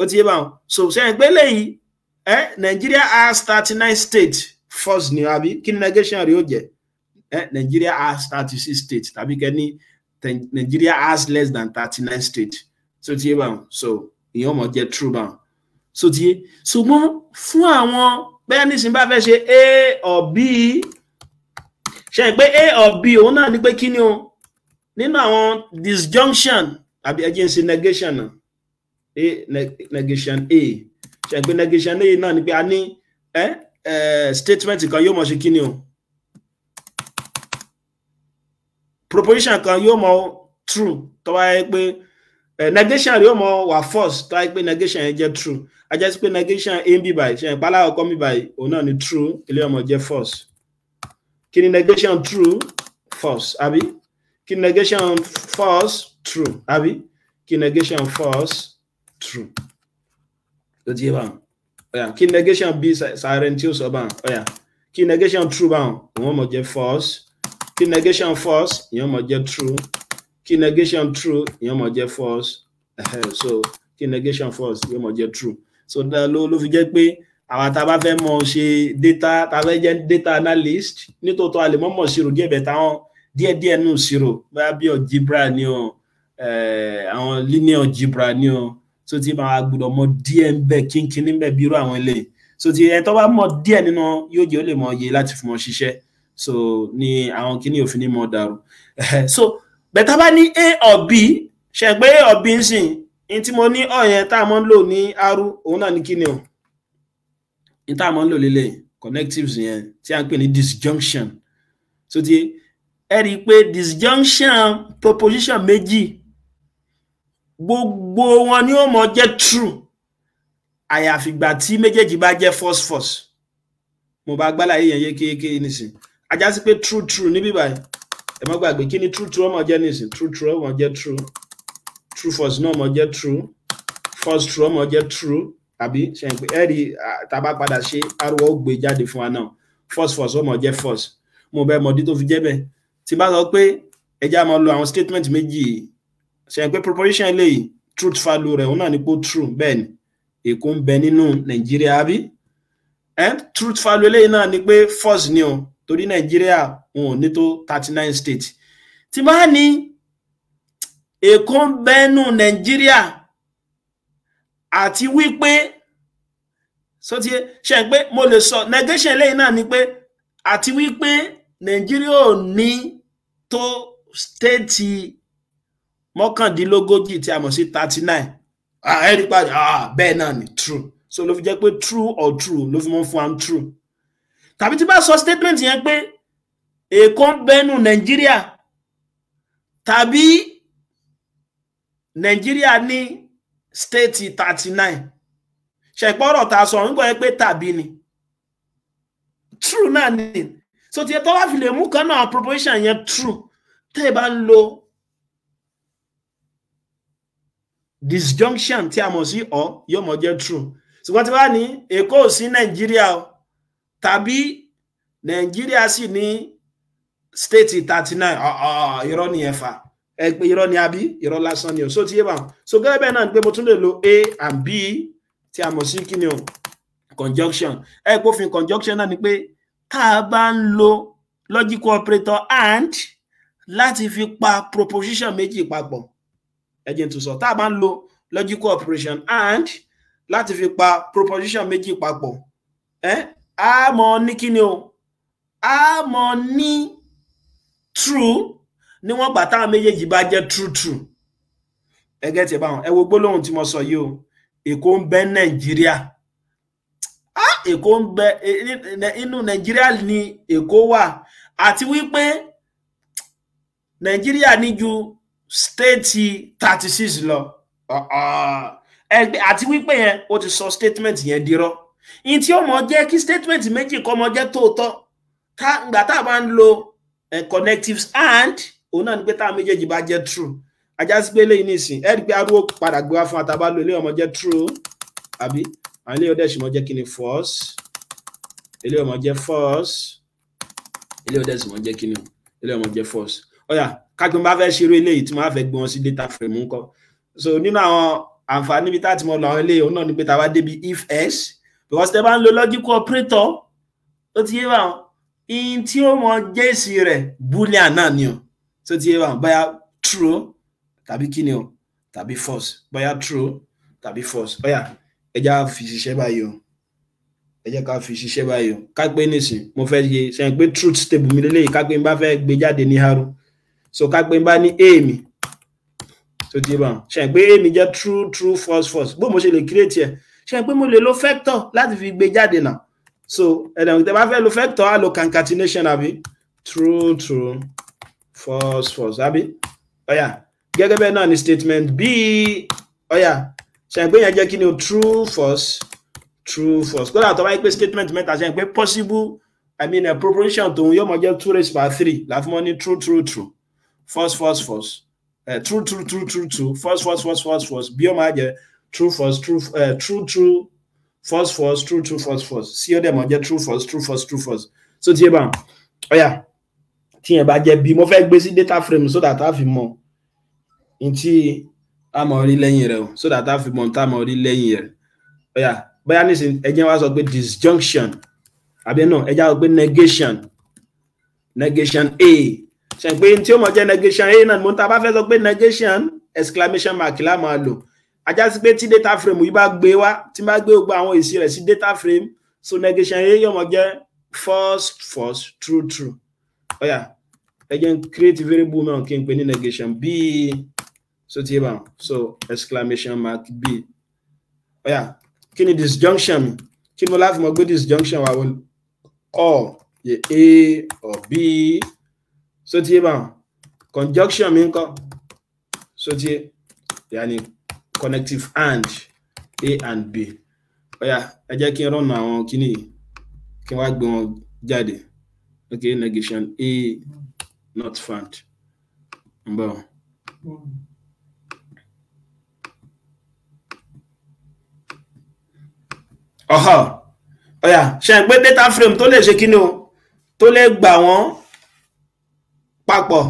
ó ti yé báwọn so sẹ́yìn pé lẹ́yìn ẹ Nigeria has thirty nine states force ni abi kí ni negation rẹ̀ ó jẹ́ eh, Nigeria has thirty six states tàbí kẹ́ni Nigeria has less than thirty nine states so ti yé báwọn so ìyẹn ọmọ jẹ́ true báwọn sotie ṣùgbọ́n fún àwọn bẹ́ẹ̀ nísìn bá fẹ́ ṣe a or b ṣe pé a or b òun náà ni pé kí ni o nínú àwọn disjunction àbí agency negation náà a negation a ṣe pé negation a náà ni pé a ní ẹ ẹ statement kan yóò mọ ṣe kí ni o proposition kan yóò mọ true tó bá yẹ pé. Eh, negation rí ọmọ wà first tó wáyé pé negation yẹn jẹ́ true ajá sí pé negation a ń bí báyìí ṣe ìpalá ọkọ mi báyìí òun náà ni true ilé ọmọ jẹ́ false kí ni negation true false àbí kí ni negation false true àbí kí ni negation false true ló ti yé báwọn ọ̀yà kí ni negation b sàárẹ̀ tí ó sọ báwọn ọ̀yà kí ni negation true báwọn òun ọmọ jẹ́ false kí ni negation false ìyẹn ọmọ jẹ́ true kí negation true ìyẹn mọ̀ jẹ́ false so kí negation false ìyẹn mọ̀ jẹ́ true so ló ló fi jẹ́ pé àwa tá a bá fẹ́ mọ̀ ṣe data tá a fẹ́ jẹ́ data analyst nítòótọ́ a lè mọ̀ mọ̀ ṣirò díẹ̀ bẹ̀ táwọn díẹ̀díẹ̀ nù ṣirò bóyá bí algebra ni o eh, àwọn linear algebra ni o tó ti máa gbọ́dọ̀ mọ̀ díẹ̀ ń bẹ kínkín níbẹ̀ bí irú àwọn eléyìí so ti ẹ̀ tó bá mọ̀ díẹ̀ nínú yóò jẹ́ ó lè mọ̀ iye láti fi mọ̀ ṣiṣẹ́ so ni àwọn kíní òfin ni mọ̀ dàrú so bẹ̀tà bá ní a or b ṣe pé a or b ń sìn ní tí mo ní ọ̀ tá a mọ́ ń lò ní aru òun náà ní kíni o ní tá a mọ́ ń lò lélẹ̀ connectives yẹn tí a ń pè ní disjunction so ti ẹ rí i pé disjunction proposition méjì gbogbo wọn ni ó mọ jẹ́ true àyàfìgbà tí méjèèjì bá jẹ́ force false mo bá gbálàyé yẹn yékéyéké nísìn ajá sí pé true true níbí báyìí ẹ má gbàgbé kí ni true true ọmọ jẹ́ nísìn true true ọmọ jẹ́ true true first náà ọmọ jẹ́ true first true ọmọ jẹ́ true àbí ṣẹ̀ǹpẹ̀ ẹ rí tàbá padà ṣe arúgbó gbé jáde fún wa náà first false ọmọ jẹ́ false mo bẹ mọ̀dí tó fi jẹ́ bẹ́ẹ̀ tí bá sọ pé ẹja máa lo àwọn statement méjì yìí ṣẹ̀ǹpẹ̀ proposition eléyìí truth value rẹ̀ òun náà ní pé true bẹ́ẹ̀ ni èkó ń bẹ nínú nàìjíríà àbí truth value eléyìí náà ni pé false ni o torí nàìjíríà wọn ò ní tó thirty nine state tí bá ní èkó ń bẹ́nu nàìjíríà àti wípé sọtí ṣe pé mo lè sọ negation lẹ́yìn náà ni pé àti wípé nàìjíríà ò ní tó stéètì mọ́kàndínlógójì tí a mọ̀ sí thirty nine ẹ̀rí pàdé ah, bẹ́ẹ̀ náà ni true so ló fi jẹ́ pé true or true ló fi mọ́ fún am true tàbí tí bá sọ statement yẹn pé èkó ń bẹnu nàìjíríà tàbí nàìjíríà ní state thirty nine ṣẹ̀pọ̀ ọ̀rọ̀ tá a sọ nígbà yẹn pé tàbí ni true náà ni so tiẹ̀ tó wá fi lè mú kan náà proposition yẹn true tẹ́ ẹ bá ń lo disjunction tí a mọ̀ sí ọ yóò mọ̀ jẹ́ true ṣùgbọ́n tí wàá ní èkó ò sí nàìjíríà o tàbí nàìjíríà sì ní state thirty nine ah, ah, ah, irọ́ ni ẹ̀fà irọ́ ni àbí irọ́ lásán ni o so ti yé bá so gẹ́gẹ́ bẹ́ẹ̀ náà pé mo tún lè lo a and b tí a mọ̀ sí kí o conjunction ẹ eh, pófin conjunction náà ni pé tá a bá ń lo logical operator and láti fi pa proposition méjì papọ̀ ẹ jẹ́ n tún sọ tá a bá ń lo logical operation and láti fi pa proposition méjì papọ̀ ẹ a mọ̀ ní kíni o a mọ̀ ní true níwọ̀n gbà táwọn méjèèjì bá jẹ́ true true ẹgẹ́ tí báwọn ẹ wo gbólóhùn tí mo sọ yìí o èkó ń bẹ nàìjíríà èkó ń bẹ e, e, e, inú nàìjíríà ni èkó wà àti wípé nàìjíríà ní ju stéètì thirty six lọ àti wípé yẹn ó ti sọ statement yẹn dirọ́ in tí ó mọ jẹ́ kí statement méjì kọ́ mọ jẹ́ tòótọ́ tá gbà tá a bá ń eh, connectives and òun náà ni pé tá a méjèèjì bá true ajá just pé eléyìí nìsín ẹ rí i pé arúgbó padà gbé wá fún àtàbá lo eléyìí ọmọ jẹ́ true Abi, àwọn eléyìí ọdẹ sì mọ jẹ́ kí ni false eléyìí ọmọ jẹ́ false eléyìí ọdẹ sì mọ jẹ́ kí ni eléyìí ọmọ jẹ́ false Oya, kápẹ́ bá fẹ́ ṣeré eléyìí tí wọ́n á fẹ́ gbé wọn sí data frame ńkọ́ so nínú àwọn àǹfààní bíi tá a ti mọ lọ àwọn eléyìí òun náà ni pé tá a bá débi if else because tẹ bá ń lo logical operator ó ti yé báwọn in tí ó mọ jẹ́sì rẹ̀ boolean náà ni o tó ti yé báwọn bóyá true tàbí kíni o tàbí false bóyá true tàbí false bóyá ẹ jẹ́ ká fi ṣiṣẹ́ báyìí o ẹ jẹ́ ká fi ṣiṣẹ́ báyìí o ká pé nísìn mo fẹ́ ṣe sẹ́yìn pé truth table mi lélẹ́yìí ká pé n bá fẹ́ gbé jáde ní haru so ká pé n bá ní èèmì tó ti yé báwọn sẹ́yìn pé èèmì jẹ́ true true false false bó mo ṣe lè create yẹn ṣe pé mo lè lo vector láti fi gbé jáde náà so ẹ̀dẹ̀wọ̀n tẹ́ bá fẹ́ lo vector á lo concatenation àbí true true false false àbí ọ̀yà gẹ́gẹ́ bẹ́ẹ̀ náà ni statement b ọ̀yà ṣe pé yẹn jẹ́ kí ni o true false true false kódà tó bá yẹ pé statement mẹ́ta ṣe pé possible i mean a proposition tòun yóò mọ jẹ́ two raised by three láti mọ́ ní true true true false false false eh, true true true true true false false false false false bí ó máa jẹ́ true false true uh, true true false false true true false false see ọdẹ mọ jẹ true false true false true false so tiẹ bá ọyà tiẹ bá jẹ bí mo fẹ́ gbé sí data frame so that a fi mọ ntí a mọ orí so that a fi mọ ntá mọ orí oh yeah ọyà bóyá nísìnyí ẹjẹ wa sọ pé disjunction àbí náà ẹjẹ wa sọ negation negation a ṣe pé ntí ó mọ jẹ negation a na mo ta bá fẹ́ sọ pé negation exclamation mark la máa lò ajá sí pé data frame yìí bá gbé wá tí bá gbé gbogbo àwọn èsì rẹ̀ sí data frame so negation yẹn yọmọ jẹ́ false false true true ó yá ẹ create variable mìíràn kí n pè negation b so ti bá so exclamation mark b ó yá kí disjunction mi kí ni mo láti disjunction wa wọlé or ye a or b so ti bá conjunction mi ń so ti yà Yani, connective and a and b ọ̀yà ẹ jẹ́ kí n rọ̀nà àwọn kíní kí n wá gbé jáde okay negation a not found ń bọ̀. ọ̀họ̀ ọ̀yà ṣe pé data frame tó lè ṣe kíní o tó lè gbà wọ́n papọ̀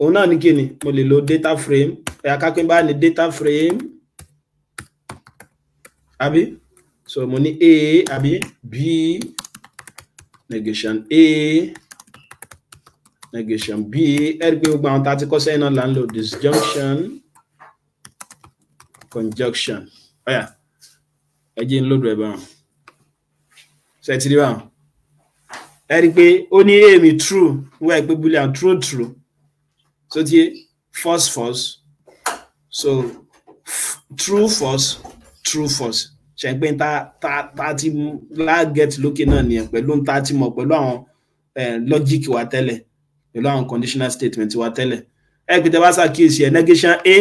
òun náà ní kíni mo lè lo data frame ẹ̀yà kápẹ́ bá ní data frame. Abi, so mo ní a abi b negation a negation b ẹ̀rí pé gbogbo àwọn tá a ti kọ́ náà là ń lo disjunction conjunction ọ̀yà ẹ jẹ́ ń lòdù ẹ̀ báwọn ṣe ti rí báwọn ẹ rí i pé ó ní èmi true wíwá ìpè boolean true true so ti false false so true false true false ṣẹgbẹ́ ta tá tá ti láàgẹ̀t lókè náà nìyẹn pẹ̀lú ta ti mọ̀ pẹ̀lú àwọn eh, logic wa tẹ́lẹ̀ pẹ̀lú àwọn conditional statement wa tẹ́lẹ̀ ẹ pété bá ṣàkíyèsí ẹ negation a ẹ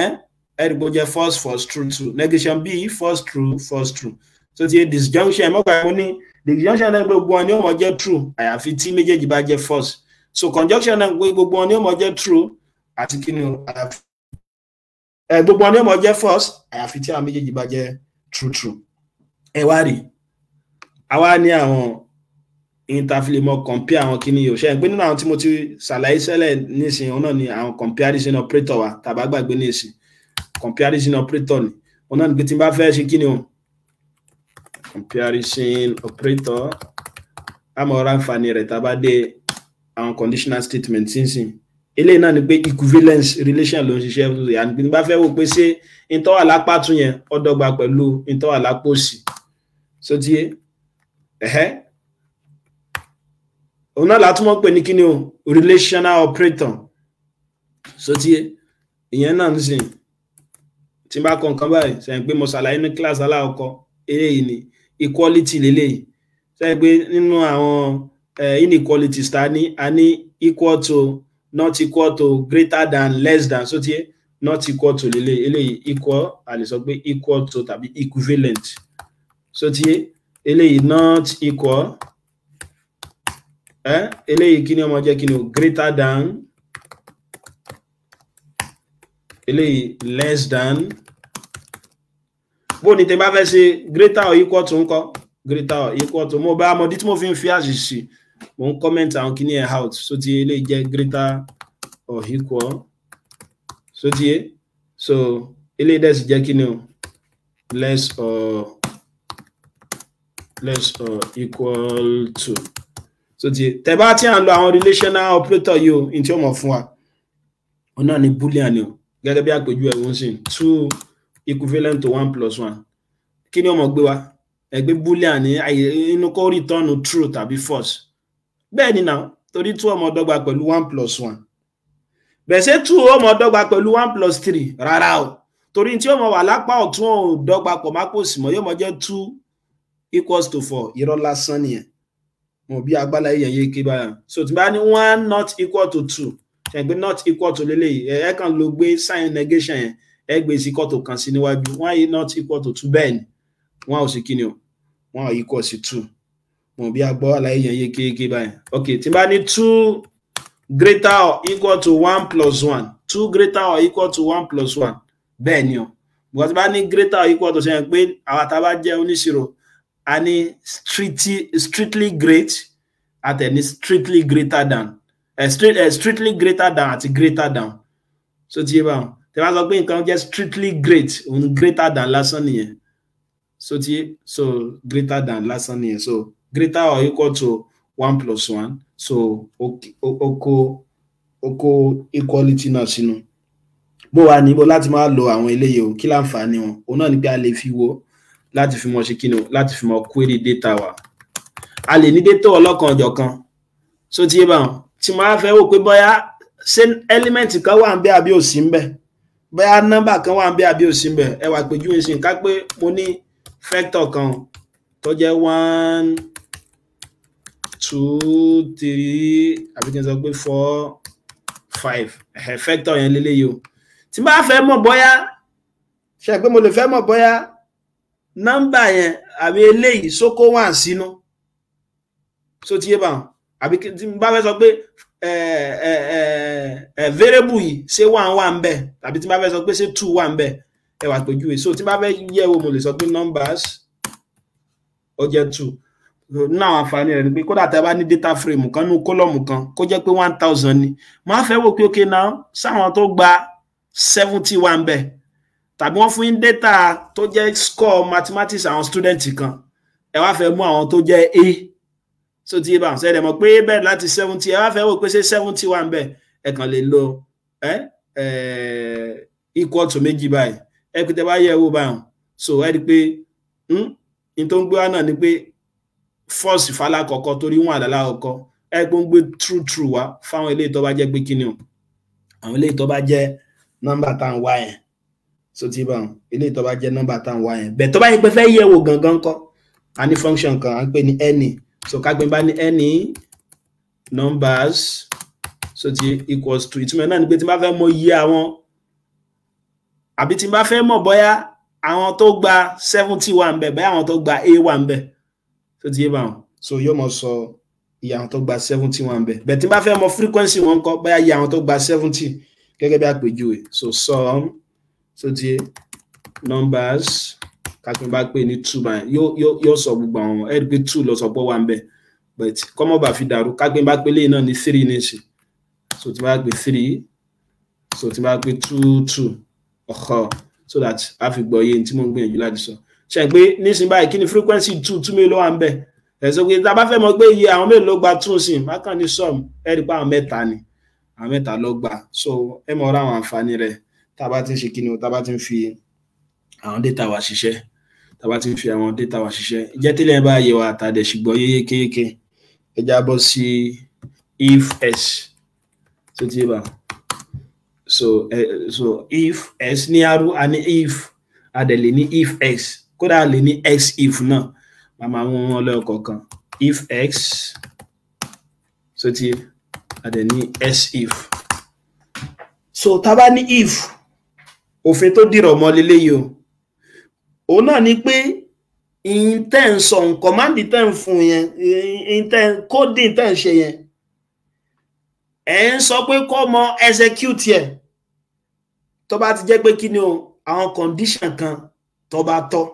ẹ dìbò jẹ false false true true negation b false true false true so ti disjunction mọ́kà ẹ̀ mo ní disjunction náà gbogbo wọn ni ó mọ̀ jẹ́ true àyàfi tí méjèèjì bá jẹ́ false so conjunction náà gbogbo wọn ni ó mọ̀ jẹ́ true àti kí ni àyàfi ẹ gbogbo ọdún ọmọ jẹ́ first àyàfi tí àwọn méjèèjì bá jẹ́ true true ẹ wá rí àwa ní àwọn interfilemọ compare àwọn kíní yìí ṣe pé nínú àwọn tí mo ti ṣàlàyé sẹ́lẹ̀ nísìnyí òun náà ni àwọn comparison operator wa tàbá gbàgbé nísìn comparison operator ni òun náà ni pé tí n bá fẹ́ ṣe kíni o comparison operator àmọ́ ọ̀rá àǹfààní rẹ̀ tàbá dé àwọn conditional statement sínsìn eléyìí náà ni pé equivalence relation ló ń ṣiṣẹ́ fún ìyá nígbà tí bá fẹ́ wò pé ṣé ìtọ́wà lápá tún yẹn ó dọ́gba pẹ̀lú ìtọ́wà lápò sí sotie ẹ̀hẹ́ òun náà látúmọ̀ pé ní kíni o relational operator sotie ìyẹn náà ń sìn tí bá kọ nǹkan báyìí sẹ́yìn pé mo ṣàlàyé ní kíláàsì aláwọ̀kọ eléyìí ni equality lélẹ́yìí sẹ́yìn pé nínú àwọn eh, inequality ta ni a ní equal to not equal to greater than less than so tiẹ not equal to lele eléyìí equal a lè sọ pé equal to Tabi equivalent so tiẹ eléyìí not equal eh? eléyìí kini ni ọmọ jẹ́ kí o greater than eléyìí less than bó ni tẹ bá fẹ́ ṣe greater or equal to ńkọ́ greater or equal to mo bá amọ̀dí tí mo fi ń fi àṣìṣe mo ń comment àwọn kìíní ẹ̀ out so ti ilé jẹ́ greater or equal so ti so ilé dẹ̀ sì jẹ́ kìíní o less or less or equal to so ti yé tẹ bá tí à ń lo àwọn relational operator yìí o n tí ó mọ̀ fún wa òun náà ni boolean ni o gẹ́gẹ́ bí àpèjúwe wọn sì two equivalent to one plus one kí ni ó mọ̀ gbé wa ẹgbẹ́ boolean ní inú kó return true tàbí false bẹ́ẹ̀ ni náà torí two ọmọ dọ́gba pẹ̀lú one plus one bẹ̀sẹ̀ two ọmọ dọ́gba pẹ̀lú one plus three rárá o torí tí ọmọ wà lápá ọ̀tún ò dọ́gba pọ̀ má kò sì mọ́ yóò mọ jẹ́ two equals to four irọ́ lásán nìyẹn mo bí agbára yẹn yé báyà so tí bá ní one not equal to two ṣe not equal to lélẹ́yìí ẹ ẹ kàn ló gbé sign negation yẹn ẹ gbé sí equal to kan sí níwájú one not equal to two bẹ́ẹ̀ ni wọn ò sì kí o wọn equal to two mo bí a gbọ́ àlàyé yẹn yékéyéké báyìí ok tí n bá ní two greater or equal to one plus one two greater or equal to one plus one bẹ́ẹ̀ ni o because bá ní greater or equal to ṣe yẹn pé àwọn àtàbà jẹ́ oníṣirò a strictly strictly great àtẹ̀ní strictly greater than a strictly, uh, strictly greater than at greater than so ti yé báwọn tí wọ́n sọ pé nǹkan strictly great un greater than lásán nìyẹn so ti so greater than lásán nìyẹn so greater or equal to one plus one so o kó o kó equality náà sínú bó wà níbo láti máa lo àwọn eléyìí o kí láǹfààní wọn òun náà ni pé a lè fi wo láti fi mọ ṣe kí ni o láti fi mọ query data wa a lè ní data ọlọ́kan ọ̀jọ̀kan so ti yé báwọn tí máa fẹ́ wò pé bóyá element kan wà ń bẹ àbí ò sí ń kan wà ń bẹ àbí ò sí ń bẹ ẹ wá pèjúwe mo ni factor kan toje jẹ́ one two three àbí kí n sọ pé four five factor yẹn lélẹ́yìí o tí n bá fẹ́ mọ̀ bóyá ṣe pé mo lè fẹ́ mọ̀ bóyá nọ́mbà yẹn àbí eléyìí sókó wà sínú so ti yé báwọn àbí tí n bá fẹ́ sọ pé variable yìí ṣé one wà ń bẹ tàbí tí n bá fẹ́ sọ pé ṣé two one, ń bẹ ẹ wá àpèjúwe so tí n bá fẹ́ yẹ̀ wò mo lè sọ pé numbers ó jẹ́ two nínú àwọn àǹfààní rẹ̀ ni pé kódà tá a bá ní data frame kan nínú kólọ́mù kan kó jẹ́ pé one thousand ni máa fẹ́ wò pé ok náà sáwọn tó gba seventy one bẹ́ẹ̀ tàbí wọ́n fún yín data tó jẹ́ score mathematics àwọn student kan ẹ wá fẹ́ mú àwọn tó jẹ́ a so ti bá ṣe é dẹ̀mọ̀ pé bẹ́ẹ̀ láti seventy ẹ wá fẹ́ wò pé ṣe seventy one bẹ́ẹ̀ ẹ kàn lè lo ẹ ẹ equal to méjì báyìí ẹ pété bá yẹ ẹ wò báyìí so ẹ rí i pé hmm, n tó ń gbé wá náà ni pé force fàlà kọ̀kọ́ torí wọn àdàlà ọkọ ẹgbọn gbé true true wá fáwọn eléyìí tó bá jẹ́ pé kíni o àwọn eléyìí tó bá jẹ́ nọ́mbà tá à ń wá yẹn so ti bá wọn eléyìí tó bá jẹ́ nọ́mbà tá à ń wá yẹn bẹ́ẹ̀ tó bá yẹ pé fẹ́ yẹ wò gangan kọ́ a ní function kan à ń pè ní any so ká gbé bá ní any numbers so ti equals to ìtumọ̀ náà ni pé tí n bá fẹ́ mọ iye àwọn àbí tí n bá fẹ́ mọ̀ bóyá àwọn tó gba seventy wà ń bẹ bóyá àwọn tó gba a wà ń bẹ tó ti yé so yóò mọ sọ iye àwọn tó gba seventy wọn bẹ bẹ́ẹ̀ tí n bá fẹ́ mọ frequency wọn kọ bóyá iye àwọn tó gba seventy gẹ́gẹ́ bí àpèjúwe so sum tó ti yé numbers kápẹ́ bá pè ní two báyìí yóò sọ gbogbo so ẹ̀ rí pé two lọ sọ pé wà ń bẹ̀ but kọ́mọ́ bá fi dàrú kápẹ́ bá pè léyìn náà ní three ní ṣe so tí n bá pè three so tí n bá pè two two ọ̀họ́ so that a fi gbọ́ iye tí mo ń gbìyànjú láti sọ. So ṣe pé nísìnyí báyìí kí ni frequency two two mélòó wà ń bẹ̀ ẹ̀sọ́ pé tá a bá fẹ́ mọ̀ pé iye àwọn mélòó ló gba tún sí mákàn ní sum ẹ̀ rí i pé àwọn mẹ́ta ni àwọn mẹ́ta ló gbà so ẹ mọ̀ ọ́rọ́ àwọn àǹfààní rẹ̀ tá a bá ti ń ṣe kíni o tá a bá ti ń fi àwọn data wa ṣiṣẹ́ tá a bá ti ń fi àwọn data wa ṣiṣẹ́ ìjẹ́ tí lẹ́yìn bá yẹ àtàdé ṣùgbọ́n yéye kéékè ẹ já sí if s tó ti bá so uh, so if s ní arú a if a ní if s kódà lè ní x if náà màá máa wọn wọn lọ́kọ̀ọ̀kan if x so ti àdẹ̀ ní s if so tá ní if òfin tó dìrọ̀ mọ́ leléyìí o òun náà ni pé intention command ten fún yẹn inten coding ten ṣe yẹn ẹ ń sọ pé kó mọ execute yẹn tó bá ti jẹ́ pé kí ni o àwọn condition kan tó bá tọ́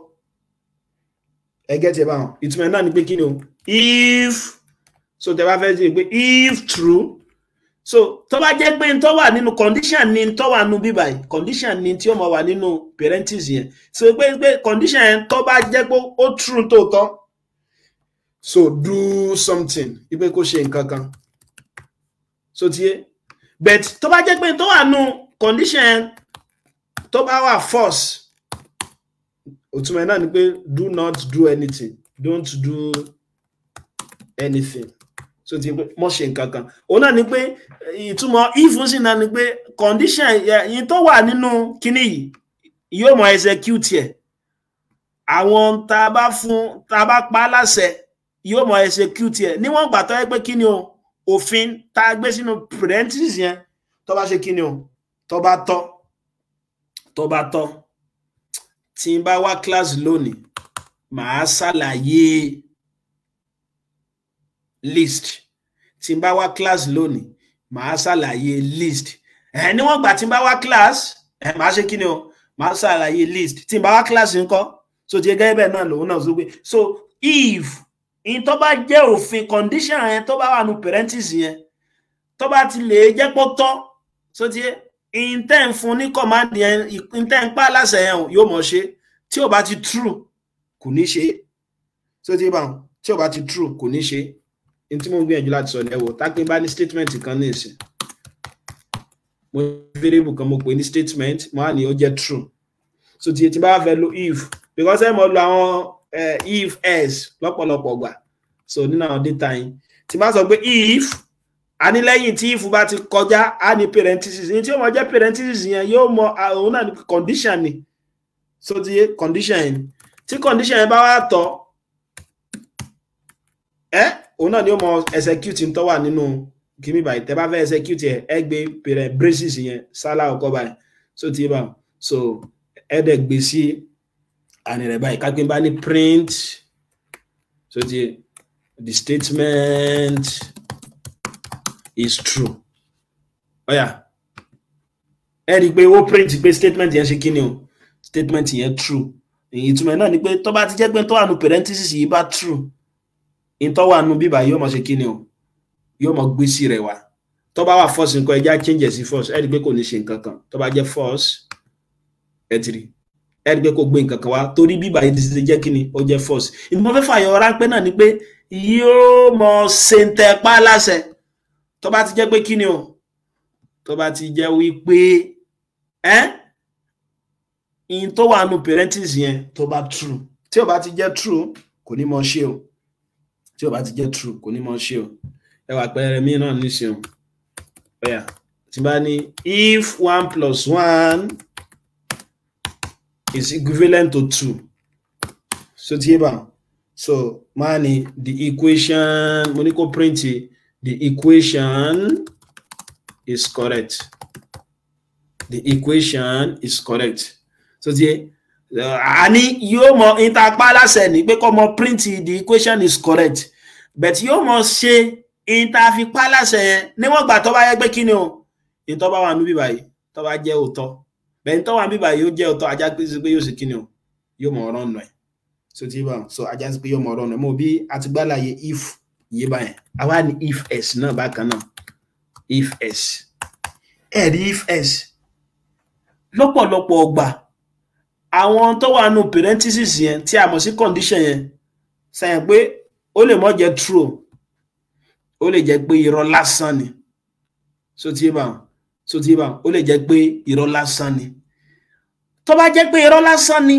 ẹgẹ́ tiẹ̀ báwọn it's my ni pé if so tẹ bá fẹ́ if true so tó bá jẹ́ pé tó wà nínú condition ni tó wà nínú bíbà yìí condition ni tí ó máa wà nínú parenthesis yẹn so condition yẹn tó bá jẹ́ true tòótọ́ so do something ipe kó ṣe in kan so tiye but tó get me in, tó wà nínú condition yẹn tó force. Otu ẹ̀ náà ni pé do not do anything don't do anything so ti pé mọ́ ṣe nǹkan kan òun náà ni pé ìtumọ̀ ìfún sí náà ni pé condition yìí tó wà nínú kinní yìí yóò mọ execute ẹ̀ àwọn tá a bá fún tá a bá pa láṣẹ yóò mọ execute ẹ̀ níwọ̀n gbà tó yẹ pé kí ni o òfin tá a gbé sínú parenthesis yẹn tó bá ṣe kí o tó bá tọ́ tó bá tọ́ tí n bá wá kíláàsì lónìí màá ṣàlàyé list tí n bá wá kíláàsì lónìí màá ṣàlàyé list ẹ níwọ̀n ìgbà tí n bá wá kíláàsì ẹ màá ṣe kí ni o màá ṣàlàyé list tí n bá wá kíláàsì ńkọ́ so ti gẹ́gẹ́ bẹ́ẹ̀ náà lòun náà sọ pé so if in tó bá jẹ́ òfin condition yẹn tó bá wà nù parenthesis yẹn tó bá ti lè jẹ́ pọ́tọ́ so ti intẹ́ ń fún ní kọ̀mándì yẹn intẹ́ ń pa láṣẹ yẹn o yóò mọ̀ ṣe tí ò bá ti true kò ní ṣe tó ti bá wọn tí ò bá ti true kò ní ṣe n tí mo ń gbìyànjú láti sọ ní ẹwọ tákin bá ní statement kan ní ìsìn mo variable kan mo pè ní statement mo á ní ó jẹ́ true so tí tí bá fẹ́ lo if because ẹ mọ̀ lo àwọn eh, if else lọ́pọ̀lọpọ̀ gbà so nínú àwọn data yín tí bá sọ pé if a ní lẹ́yìn tí ìfú bá ti kọjá a ní parenthesis ní tí ó mọ jẹ́ parenthesis yẹn yóò mọ òun náà ní condition ni so ti yé condition yẹn tí condition yẹn bá wà tọ́ ẹ òun náà ni ó mọ execute tó wà nínú kíní báyìí tẹ́ bá fẹ́ execute yẹn ẹ gbé braces yẹn sálà ọkọ báyìí so ti yé báwọn so ẹ dẹ̀ gbé sí àní rẹ̀ báyìí kápẹ́ bá ní print so ti yé the statement is true ọ̀yà ẹ rí i pé ó print pé statement yẹn ṣe kí ni o statement yẹn true ìtumọ̀ náà ni pé tó bá ti jẹ́ pé tó wà nù parenthesis yìí bá true ìtọ́ wà nù bíbá yóò mọ̀ ṣe kí ni o yóò mọ̀ gbé sí rẹ̀ wá tó bá wà false nǹkan ẹja change sí false ẹ rí i pé kò ní ṣe nǹkan kan tó bá jẹ́ false ẹ ti rí i ẹ rí i pé kò gbé nǹkan kan wá torí bíbá yìí ti jẹ́ kí ni ó jẹ́ false ìmọ̀ fẹ́ fàyọ̀ ráńpẹ́ náà ni pé yóò mọ̀ ṣe pa láṣẹ tó bá ti jẹ́ pé kí ni o tó bá ti jẹ́ wípé ẹ́ in tó wà nù parenthesis yẹn tó bá true tí ò bá ti jẹ́ true kò ní mọ ṣe o tí ò bá ti jẹ́ true kò ní mọ ṣe o ẹ wà pẹ́ẹ́rẹ́ mi náà níṣẹ́ o ọ̀yà tí bá ní if one plus one is equivalent to two so tí yé bá so máa ní the equation mo ní kó print yìí. The equation is correct. The equation is correct. So the ani you must intapa láṣẹ ní pé kó mọ print the equation is correct but you must say intafipa láṣẹ yẹn níwọ̀n gbà tó bá yẹ pé ni o ìtọ́ bá wà nú bíbá yìí tó bá jẹ́ òótọ́ bẹ́ẹ̀ tó wà nú bíbá yìí ó jẹ́ òótọ́ kini. pé yóò ṣe kí o yóò mọ ọ̀rọ̀ nù so ti bá so ajá pé yóò must run. nù ẹ̀ mọ̀ bí àtìgbàláyé if yé báyẹn àwa ní if s náà bákan náà if s ẹ rí if s lọ́pọ̀lọpọ̀ ọgbà àwọn tó wà nù parenthesis yẹn tí a mọ̀ sí condition yẹn sẹ́yìn pé ó lè mọ́ jẹ́ true ó lè jẹ́ pé irọ́ lásán ni so ti bá wọn so ti bá wọn ó lè jẹ́ pé irọ́ lásán ni tó bá jẹ́ pé irọ́ lásán ni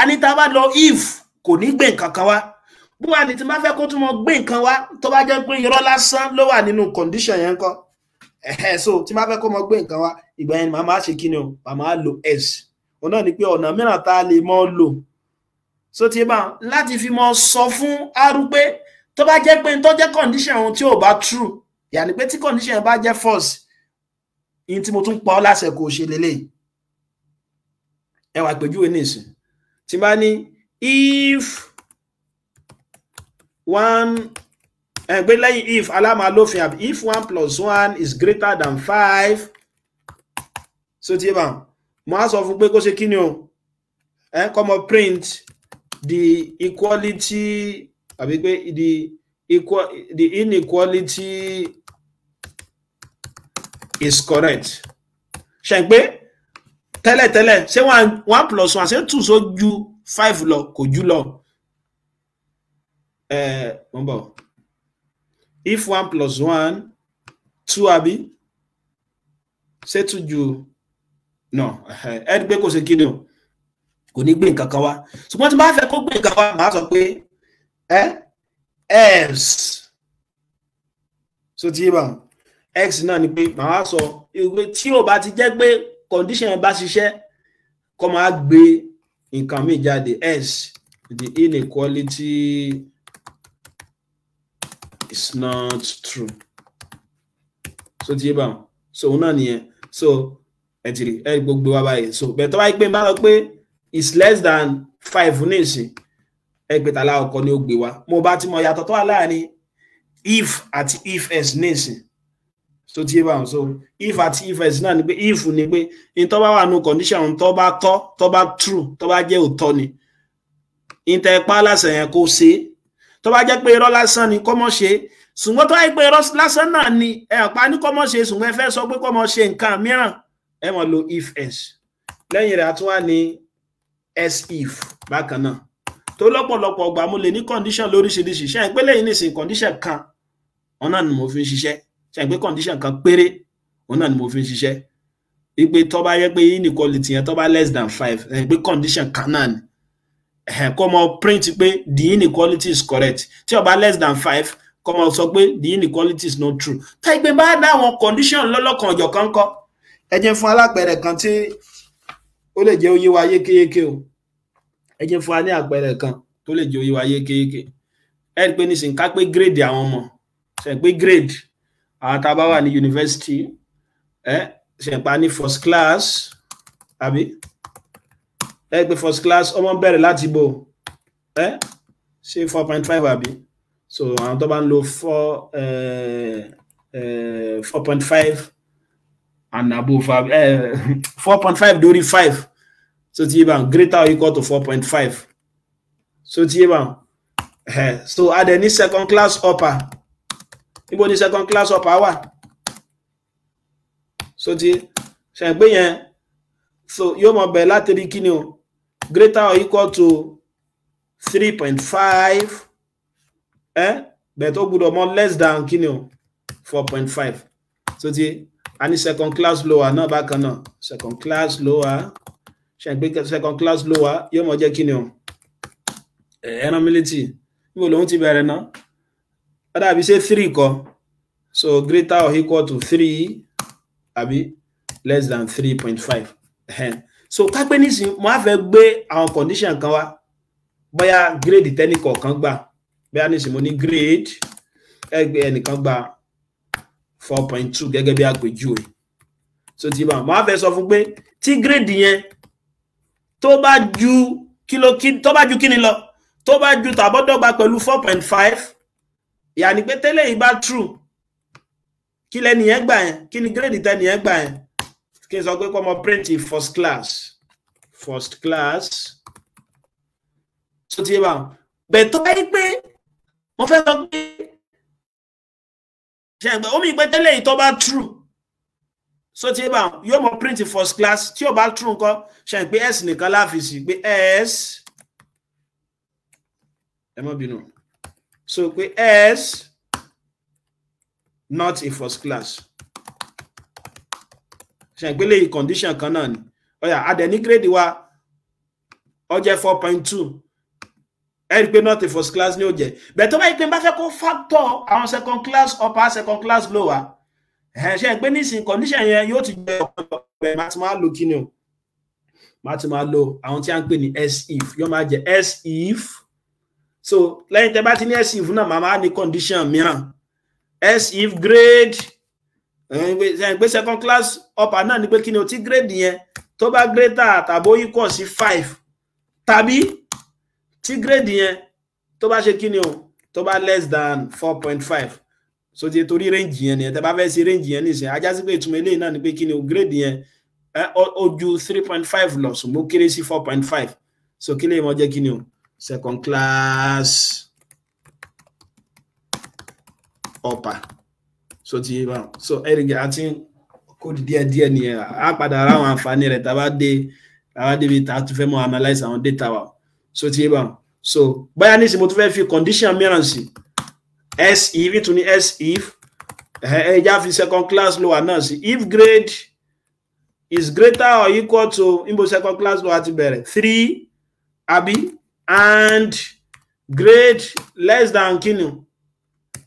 anita bá lọ if kò ní gbé wá bí wàá ní tí má fẹ́ kó tún mọ gbé nǹkan wá tó bá jẹ́ pé irọ́ lásán ló wà nínú condition yẹn kọ́ so tí má fẹ́ kó mọ gbé nǹkan wá ìgbà yẹn màá má ṣe kí ni o màá má lo s òun náà ni pé ọ̀nà mìíràn tá a lè mọ lò so ti bá láti fi mọ sọ fún aru tó bá jẹ́ pé tó jẹ́ condition ohun tí ò bá true yàní pé tí condition yẹn bá jẹ́ false yín tí mo tún pa ọ́ láṣẹ kò ṣe lélẹ́yìí ẹwà àpèjúwe nìsín tí bá ní if one pé eh, lẹ́yìn if alámàlófin àbí if one plus one is greater than five so tí yé bá mo á sọ fún pé kó o ẹ eh, kọ́mọ print the equality Abi pé the equal the inequality is correct ṣe pé tẹ́lẹ̀tẹ́lẹ̀ ṣé one one plus one ṣé two so ju five lọ kò jù lọ ẹ mo ń if one plus one two àbí ṣé two ju no eh, ẹ gbé kò sí kí ni o kò ní gbé nǹkan kan wá ṣùgbọ́n tí n fẹ́ kó gbé nǹkan wá màá sọ pé ẹ else so ti yé x náà ni pé màá sọ ìwé tí ò bá ti jẹ́ pé condition bá ṣiṣẹ́ kó máa gbé nǹkan mi jáde else the inequality is not true so ti yé so òun náà so ẹ ti rí ẹ gbogbo wa báyìí so bẹ́ẹ̀ tó bá yí pé n bá lọ pé is less than five ní ìsìn ẹgbẹ̀tàlá ọkọ ni ó gbé wa mo bá ti mọ yàtọ̀ tó wà láàrin if at if as ní ìsìn so ti yé so if at if as náà ni pé if ni pé n tó bá wà nù condition tó bá to tó bá true tó bá je òótọ́ ni n pa láṣẹ yẹn kó se. é tó bá jẹ́ pé irọ́ lásán ni kọ́mọ́ ṣe ṣùgbọ́n tó bá jẹ́ pé irọ́ lásán náà ni ẹ ọ̀pá ní kọ́mọ́ ṣe ṣùgbọ́n ẹ fẹ́ sọ pé kọ́mọ́ ṣe nǹkan mìíràn ẹ mọ̀ lo if else lẹ́yìn rẹ̀ àtúwá ni S if bákan náà tó lọ́pọ̀lọpọ̀ ọgbà mo lè ní condition lóríṣiríṣi ṣe é pé lẹ́yìn nìsín condition kan ọ̀nà ni mo fi ń ṣiṣẹ́ ṣe é pé condition kan péré ọ̀nà ni mo fi ń ṣiṣẹ́ wípé tó bá yẹ pé inequality yẹn tó bá less than five ẹ̀ pé condition kan náà ni kó mọ print pé the inequality is correct tí ó less than five kó mọ sọ pé the inequality is not true táìpé bá dá àwọn condition lọ́lọ́kan ọ̀jọ̀ kan kọ́ ẹ jẹ́ fún alápẹ̀rẹ̀ kan tí ó lè jẹ́ oyé wa yékéyéké o ẹ jẹ́ fún wa ní àpẹẹrẹ kan tó lè jẹ́ oyé wa yékéyéké ẹ rí i pé nísìnyí ká pé grade àwọn ọmọ ṣe pé grade àwọn tá a bá wà ní yunifásitì ẹ ṣe pa ní first class àbí ẹ pé first class ọmọ bẹ̀rẹ̀ láti bò ẹ ṣe four point five àbí so àwọn tó bá ń lo four four point five and above four point five dórí five so ti yé bá greater or equal to four point five so ti yé bá so a dẹ̀ ní second class upper níbo ni second class upper wà so ti ṣe yẹn so yóò mọ bẹ̀ láti rí kíni o greater or equal to 3.5 eh? but ó gbọ́dọ̀ mọ less than kí ni o 4.5 so ti a second class lower náà bákan náà second class lower ṣe pé second class lower yóò mọ jẹ́ kí ni o ẹran eh, military níbo lòun ti bẹ̀rẹ̀ náà ó dàbí ṣe 3 kọ so greater or equal to 3 abi less than 3.5 so kápẹ́ nísìn mo á fẹ́ gbé àwọn condition kan wá bóyá grade tẹ́nì kọ̀ọ̀kan gbà bóyá nísìn mo ní grade ẹgbẹ́ ẹnìkan gbà four point two gẹ́gẹ́ bí àpèjúwe so ti bá mo á fẹ́ sọ fún pé tí grade yẹn tó bá ju kìló tó bá ju kíni lọ tó bá ju tàbọ́dọ́gba pẹ̀lú four point five yàní pé tẹ́lẹ̀ yìí bá true kí lẹ́nìyẹn gbà yẹn kí ni grade tẹ́nìyẹn gbà yẹn kí n sọ pé kó first class first class tó ti yé báwọn bẹ́ẹ̀ tó báyìí pé mo fẹ́ sọ pé ṣe àgbẹ̀ omi ìpẹ́ tẹ́lẹ̀ yìí tó bá true so ti yé báwọn yóò mọ first class tí ò bá true nǹkan ṣe àgbẹ̀ s nìkan láàfin sí pé s ẹ mọ́ bínú so pé s not a first class ṣe ìpele yìí condition kan náà ni ọyà adẹ ní grade wa ó jẹ́ four point two ẹ rí i pé not first class ni ó jẹ́ bẹ́ẹ̀ tó bá yí pé n bá fẹ́ kó factor àwọn second class upper second class lower ẹ ṣe ìpè nísìnyí condition yẹn yóò ti jẹ́ ọ̀pọ̀lọpọ̀ ẹ̀ máa ti máa lo kíni o máa ti máa lo àwọn tí a ń pè ní s if yóò máa jẹ́ s if so lẹ́yìn tẹ́ bá ti ní s if náà màá máa ní condition mìíràn s if grade pé second class upper náà ni pé kí ni o ti grade yẹn tó bá greater tàbó equal sí five tàbí tí grade yẹn tó bá ṣe kí ni o tó bá less than four point five so ti torí range yẹn nìyẹn tẹ bá fẹ́ ṣe range yẹn nìyẹn ajá sí pé ìtumọ̀ eléyìí náà ni pé kí ni o grade yẹn ó ju three point five lọ ṣùgbọ́n ó kéré sí four point five so kí lèyìn mọ́ jẹ́ kí ni o second class upper so ti yé báwọn so ẹrìgì àti kó díẹ̀ díẹ̀ nìyẹn á padà ara àwọn àǹfààní rẹ̀ tá a bá dé ara débi tá a mọ analyse àwọn data wa so ti yé báwọn so báyà ní ìsìn mo tún fẹ́ fi condition mìíràn sí else if ìtún ní else if ẹja fi second class lower náà sí if grade is greater or equal to imbo second class lower ti bẹ̀rẹ̀ three àbí and grade less than kinu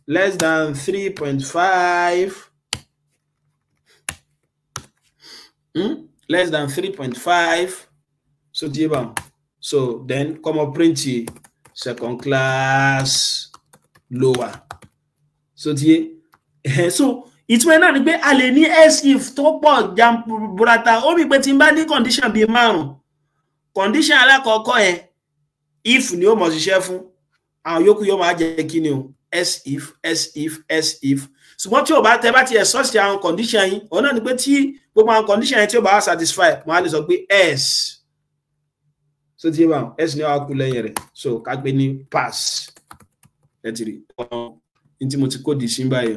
less than 3.5 hmm? less than 3.5 so tiba so then comma print second class lower so tiye eh, so ìtumọ̀ náà ni be a lè s if tó pọ̀ jam brata o mi tí n bá ní condition bíi márùn-ún condition alákọ̀ọ́kọ́ eh. if ni ó mọ̀ ṣiṣẹ́ fún àwọn yòókù yóò máa jẹ́ kí o as if as if as if ṣùgbọ́n tí o bá tẹ bá ti exhaust àwọn condition yín òun náà ni pé tí gbogbo àwọn condition yín tí o bá wá satisfy wọn á lè sọ pé else so ti bá S ní wàá kú lẹ́yìn rẹ̀ so ká gbé ní pass ẹ ti rí ọ̀hún ní tí mo ti kóòdì sí báyìí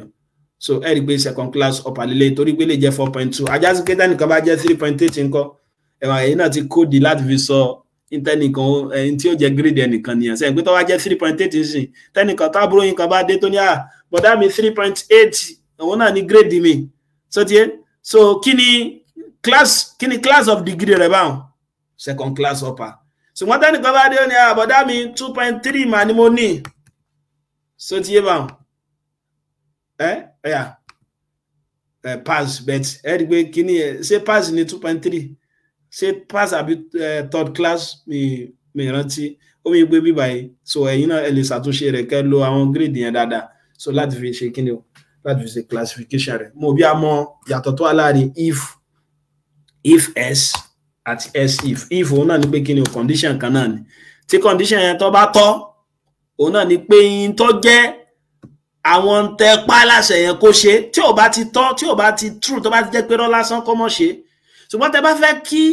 so ẹ rí i pé second class upper lílé torí pé lè jẹ́ four point two ajá sí pé tẹ́nìkan bá jẹ́ three point eight nǹkan ẹ̀wọ̀n èyí náà ti kóòdì láti fi sọ. So, ìtẹnìkan ẹni tí ó jẹ gírídì ẹnìkan nìyẹn sẹ́yìn pé tó wá jẹ́ three point eight nsìn tẹnìkan tábúrò yín kan bá dé tó ní à ah, bọ̀dá mi three point eight òun náà ní gírèdì mi so tiẹ̀ so kí ni class kí ni class of degree rẹ báwọn second class upper ṣùgbọ́n tẹnìkan bá dé ó ní à ah, bọ̀dá mi two point three mà ni mo ní so tiẹ̀ báwọn ẹ ẹ yà ẹ pass bet ẹ rí i pé kí ni ẹ ṣé pass ni two point three. Say pass àbí eh, third class mi mi rántí ó mi gbé bíbá so ẹ̀yin náà ẹ lè ṣàtúnṣe rẹ̀ kẹ́ lo àwọn gírèdì yẹn dáadáa so láti fi ṣe kí ni o láti fi ṣe classification rẹ̀ mo bí a mọ yàtọ̀ tó wà if if s àti s if if òun náà ni pé kí o condition kan náà ni tí condition yẹn tó bá tọ́ òun náà ni pé yín tó jẹ́ àwọn tẹ pa láṣẹ yẹn kó ṣe tí ò bá ti tọ́ tí ò bá ti true tó bá ti jẹ́ pé rọ́ lásán kọ́ mọ́ ṣe é ṣùgbọ́n tẹ bá fẹ́ kí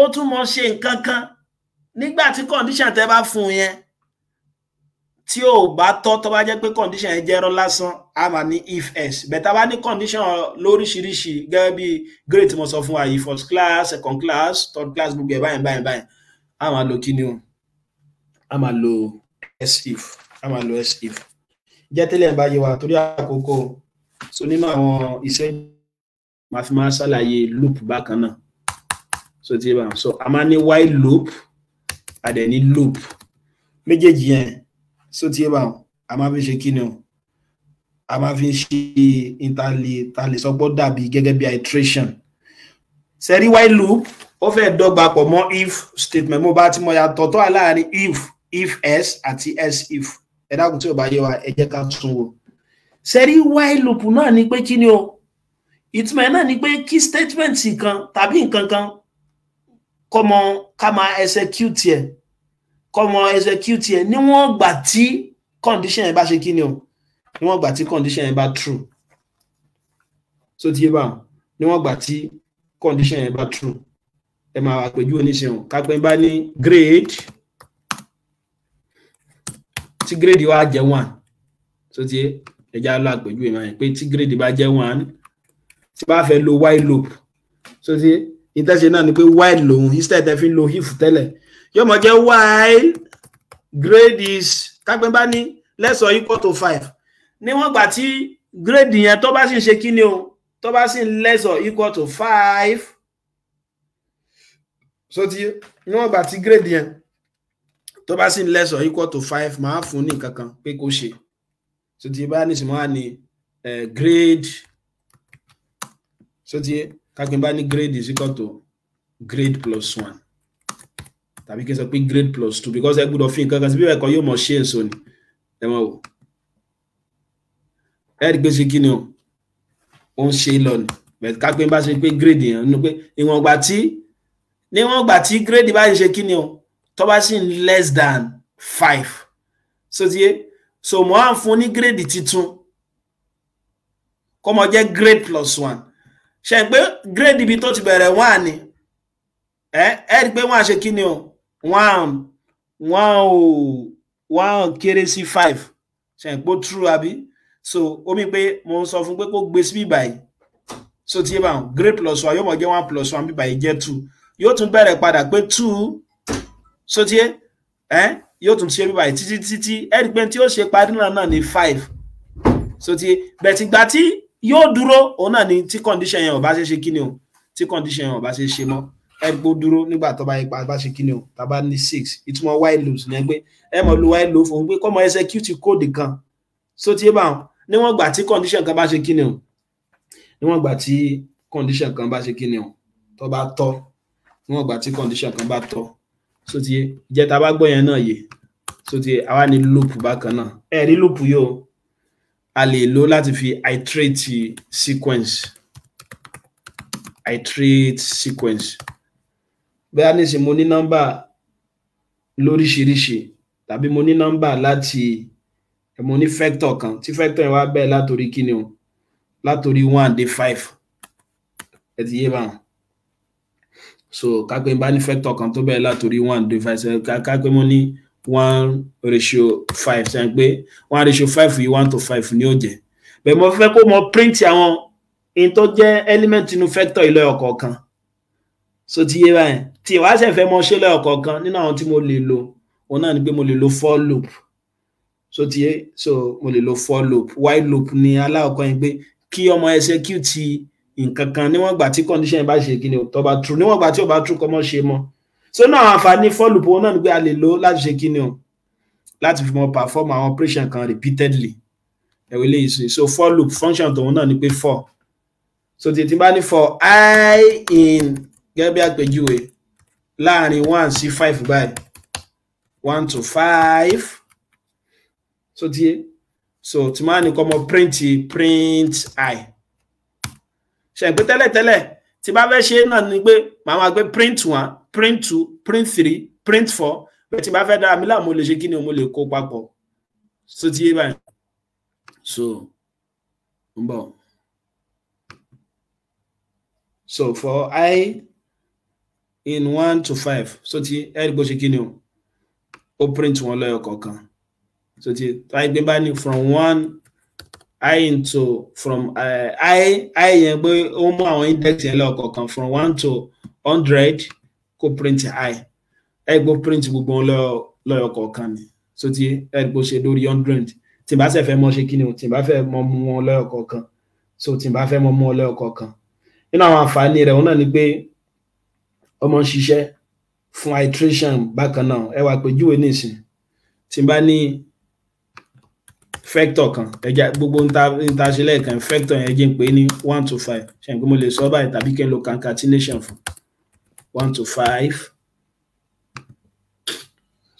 ó tún mọ ṣe nǹkan kan nígbà tí condition tẹ bá fún yẹn tí ò bá tọ́ tó bá jẹ́ pé condition yẹn jẹ́rọ lásán a máa ní if else bẹ̀tà bá ní condition lóríṣiríṣi gẹ́gẹ́ bí grade tí mo sọ fún wa yìí first class second class third class gbogbo ẹ̀ báyìí báyìí báyìí a máa lo kíni o a máa lo else if a máa lo else if jẹ́ tẹ́lẹ̀ bá wa torí àkókò so nínú àwọn ìṣẹ́jú màá fi máa ṣàlàyé loop bákan náà so ti bá so a máa ní while loop a dẹ̀ ní loop méjèèjì yẹn so ti bá a máa fi ṣe kí ni o a máa fi ṣe ìtàlẹ̀ ìtàlẹ̀ sọgbọ́n dàbí gẹ́gẹ́ bí iteration sẹ́rí while loop ó fẹ́ dọ́gba pọ̀ mọ́ if statement mo bá ti mọ yàtọ̀ tó wà láàrin if if s àti s if ẹ dákun tí ò bá yé wa ẹ jẹ́ ká tún wò sẹ́rí while loop náà ni pé kí ni o ìtumọ̀ ẹ̀ náà ni pé kí statement kan tàbí nǹkan kan kọ́ mọ ká máa execute ẹ̀ kọ́ mọ execute ẹ̀ níwọ̀n gbà tí condition ẹ̀ bá ṣe kí ni o níwọ̀n gbà tí condition ẹ̀ bá true so ti yé báwọn níwọ̀n gbà tí condition ẹ̀ bá true ẹ máa àpèjú oníṣẹ́hùn kápẹ́ bá ní grade tí grade wa jẹ́ one so ti ẹja lọ àpèjú ẹ̀ máa yẹn pé tí grade bá jẹ́ one tí bá fẹ́ lo while loop so ti ìtẹ́sẹ̀ náà ni pé while lòun instead ẹ lo if tẹ́lẹ̀ yóò mọ̀ jẹ́ while grade is kápẹ́ bá ní less or equal to five níwọ̀n gbà tí grade yẹn tó bá sì ń ṣe kí ni o tó bá sì ń less or equal to five so ti níwọ̀n gbà tí grade yẹn tó bá sì ń less or equal to five máa fún ní nǹkan kan pé kó ṣe so ti bá nísìmọ́ wà ní eh, grade. So ti yé kápẹ́ bá grade is equal to grade plus one tàbí kí n sọ pé grade plus two because ẹ gbọ́dọ̀ fi nǹkan kan sí bí ẹ̀kọ́ yóò mọ̀ ṣe èso ni ẹ mọ̀ wò ẹ rí pé ṣe kí ni o ó ń ṣe lọ ni bẹ̀rẹ̀ kápẹ́ bá ṣe pé grade yẹn nínú pé ìwọ̀n tí níwọ̀n tí grade bá ń ṣe kí ni o tó bá sì ń less than five So ti yé so mo á fún ní grade titun kó mọ jẹ́ grade plus one ṣe pé grade ibi tó ti bẹ̀rẹ̀ wà ní ẹ ẹ rí i pé wọ́n á ṣe kí ni o one wọ́n ò wọ́n kéré sí five ṣe pé ó true àbí so omi pé mo ń sọ fún pé kó gbé sí bíbà so ti yé bá grade plus one yóò mọ̀ jẹ́ one plus one bíbà yìí jẹ́ two yóò tún bẹ̀rẹ̀ padà pé two so ti yé ẹ yóò tún ṣe bíbà yìí títí títí ẹ rí i pé tí ó ṣe parí náà náà ní five so ti yé bẹ̀tìgbà tí yóò dúró òun náà ni tí condition yẹn ò bá ṣe ṣe kí ni o tí condition yẹn ò bá ṣe ṣe mọ́ ẹ gbó dúró nígbà tó bá ipa bá ṣe kí ni o tá a bá ní six ìtumọ̀ while loops ní ẹgbẹ́ ẹ mọ̀ lu while loop fún pé kọ́mọ execute code kan so tí ẹ bá wọn níwọ̀n gbà tí condition kan bá ṣe kí ni o níwọ̀n gbà tí condition kan bá ṣe kí ni o tó bá tọ́ níwọ̀n gbà tí condition kan bá tọ́ so tí ẹ jẹ́ tá a bá gbọ́ yẹn náà yé so tí àwa ní loop bákan náà ẹ rí loop yìí o a lè lò láti fi iterate sequence iterate sequence bẹ́ẹ̀ nísìnyí mo ní nọ́mbà lóríṣiríṣi tàbí mo ní nọ́mbà láti mo ní vector kan tí vector yẹn wá bẹ́ẹ̀ látòrí kíni o látòrí one day five ẹ ti yé báwọn so kápẹ́ bá ní vector kan tó bẹ́ẹ̀ látòrí one day five kápẹ́ mo ní one ratio five ṣe pé one ratio five yìí one to five ni ó jẹ bẹ́ẹ̀ mo fẹ́ kó mọ print àwọn in tó jẹ́ element inú vector yìí lọ́yọ̀ kọ̀ọ̀kan so ti yé báyìí tí ìwà ṣe fẹ́ mọ ṣe lọ́yọ̀ kọ̀ọ̀kan nínú àwọn tí mo lè lò òun náà ni pé mo lè lo for loop so ti yé so mo lè lo for loop while loop ni aláwọ̀kọ́ yẹn pé kí ọmọ execute nǹkan kan níwọ̀n gbà tí condition ba bá ṣe kí ni tó bá true níwọ̀n gbà tí ò bá true kọ́ mọ́ ṣe mọ́ so náà àǹfààní fọ́ọ̀lùpù náà ni pé a lè lo láti ṣe kí ni o láti fi mọ perform àwọn operation kan repeatedly ẹ̀wọ̀ eléyìí sùn so for loop function tòun náà ni pé for so tètè bá ní for i in gẹ́gẹ́ bí àpèjúwe láàrin one sí five by one to five so tiye so tí máa ní kọ́ mọ print print i ṣe pé tẹ́lẹ̀tẹ́lẹ̀ tí bá fẹ́ ṣe náà ni pé màá máa gbé print one print two print three print four bẹ́ẹ̀ tí n bá fẹ́ dára mi láàmú lè ṣe kí ni mo lè kó papọ̀ so ti yé báyìí so ń bọ̀ so for i in one to five so ti ẹ rí bó ṣe kí ni o ó print wọn lọ́yọ̀ kọ̀ọ̀kan so ti i gbé bá from one i into from uh, i i yẹn pé ó mú àwọn index yẹn lọ́kọ̀ọ̀kan from one to hundred kó print i ẹ gbó print gbogbo wọn lọ́yọ̀ kọ̀ọ̀kan ni so ti ẹ gbó ṣe lórí hundred tí n bá ṣe fẹ́ mọ ṣe kí ni o tí n bá fẹ́ mọ mú wọn lọ́yọ̀ kọ̀ọ̀kan so tí n bá fẹ́ mọ mú wọn lọ́yọ̀ kọ̀ọ̀kan nínú àwọn àǹfààní rẹ̀ òun náà ni pé ọmọ ń ṣiṣẹ́ fún iteration bákan náà ẹ wá pèjúwe nísìn tí n bá ní vector kan ẹja gbogbo ń ta ṣe lẹ́ẹ̀kan vector yẹn jẹ́ ń pè ní one to five ṣe n pé mo lè sọ báyìí tàbí kí n lo concatenation fún un one to five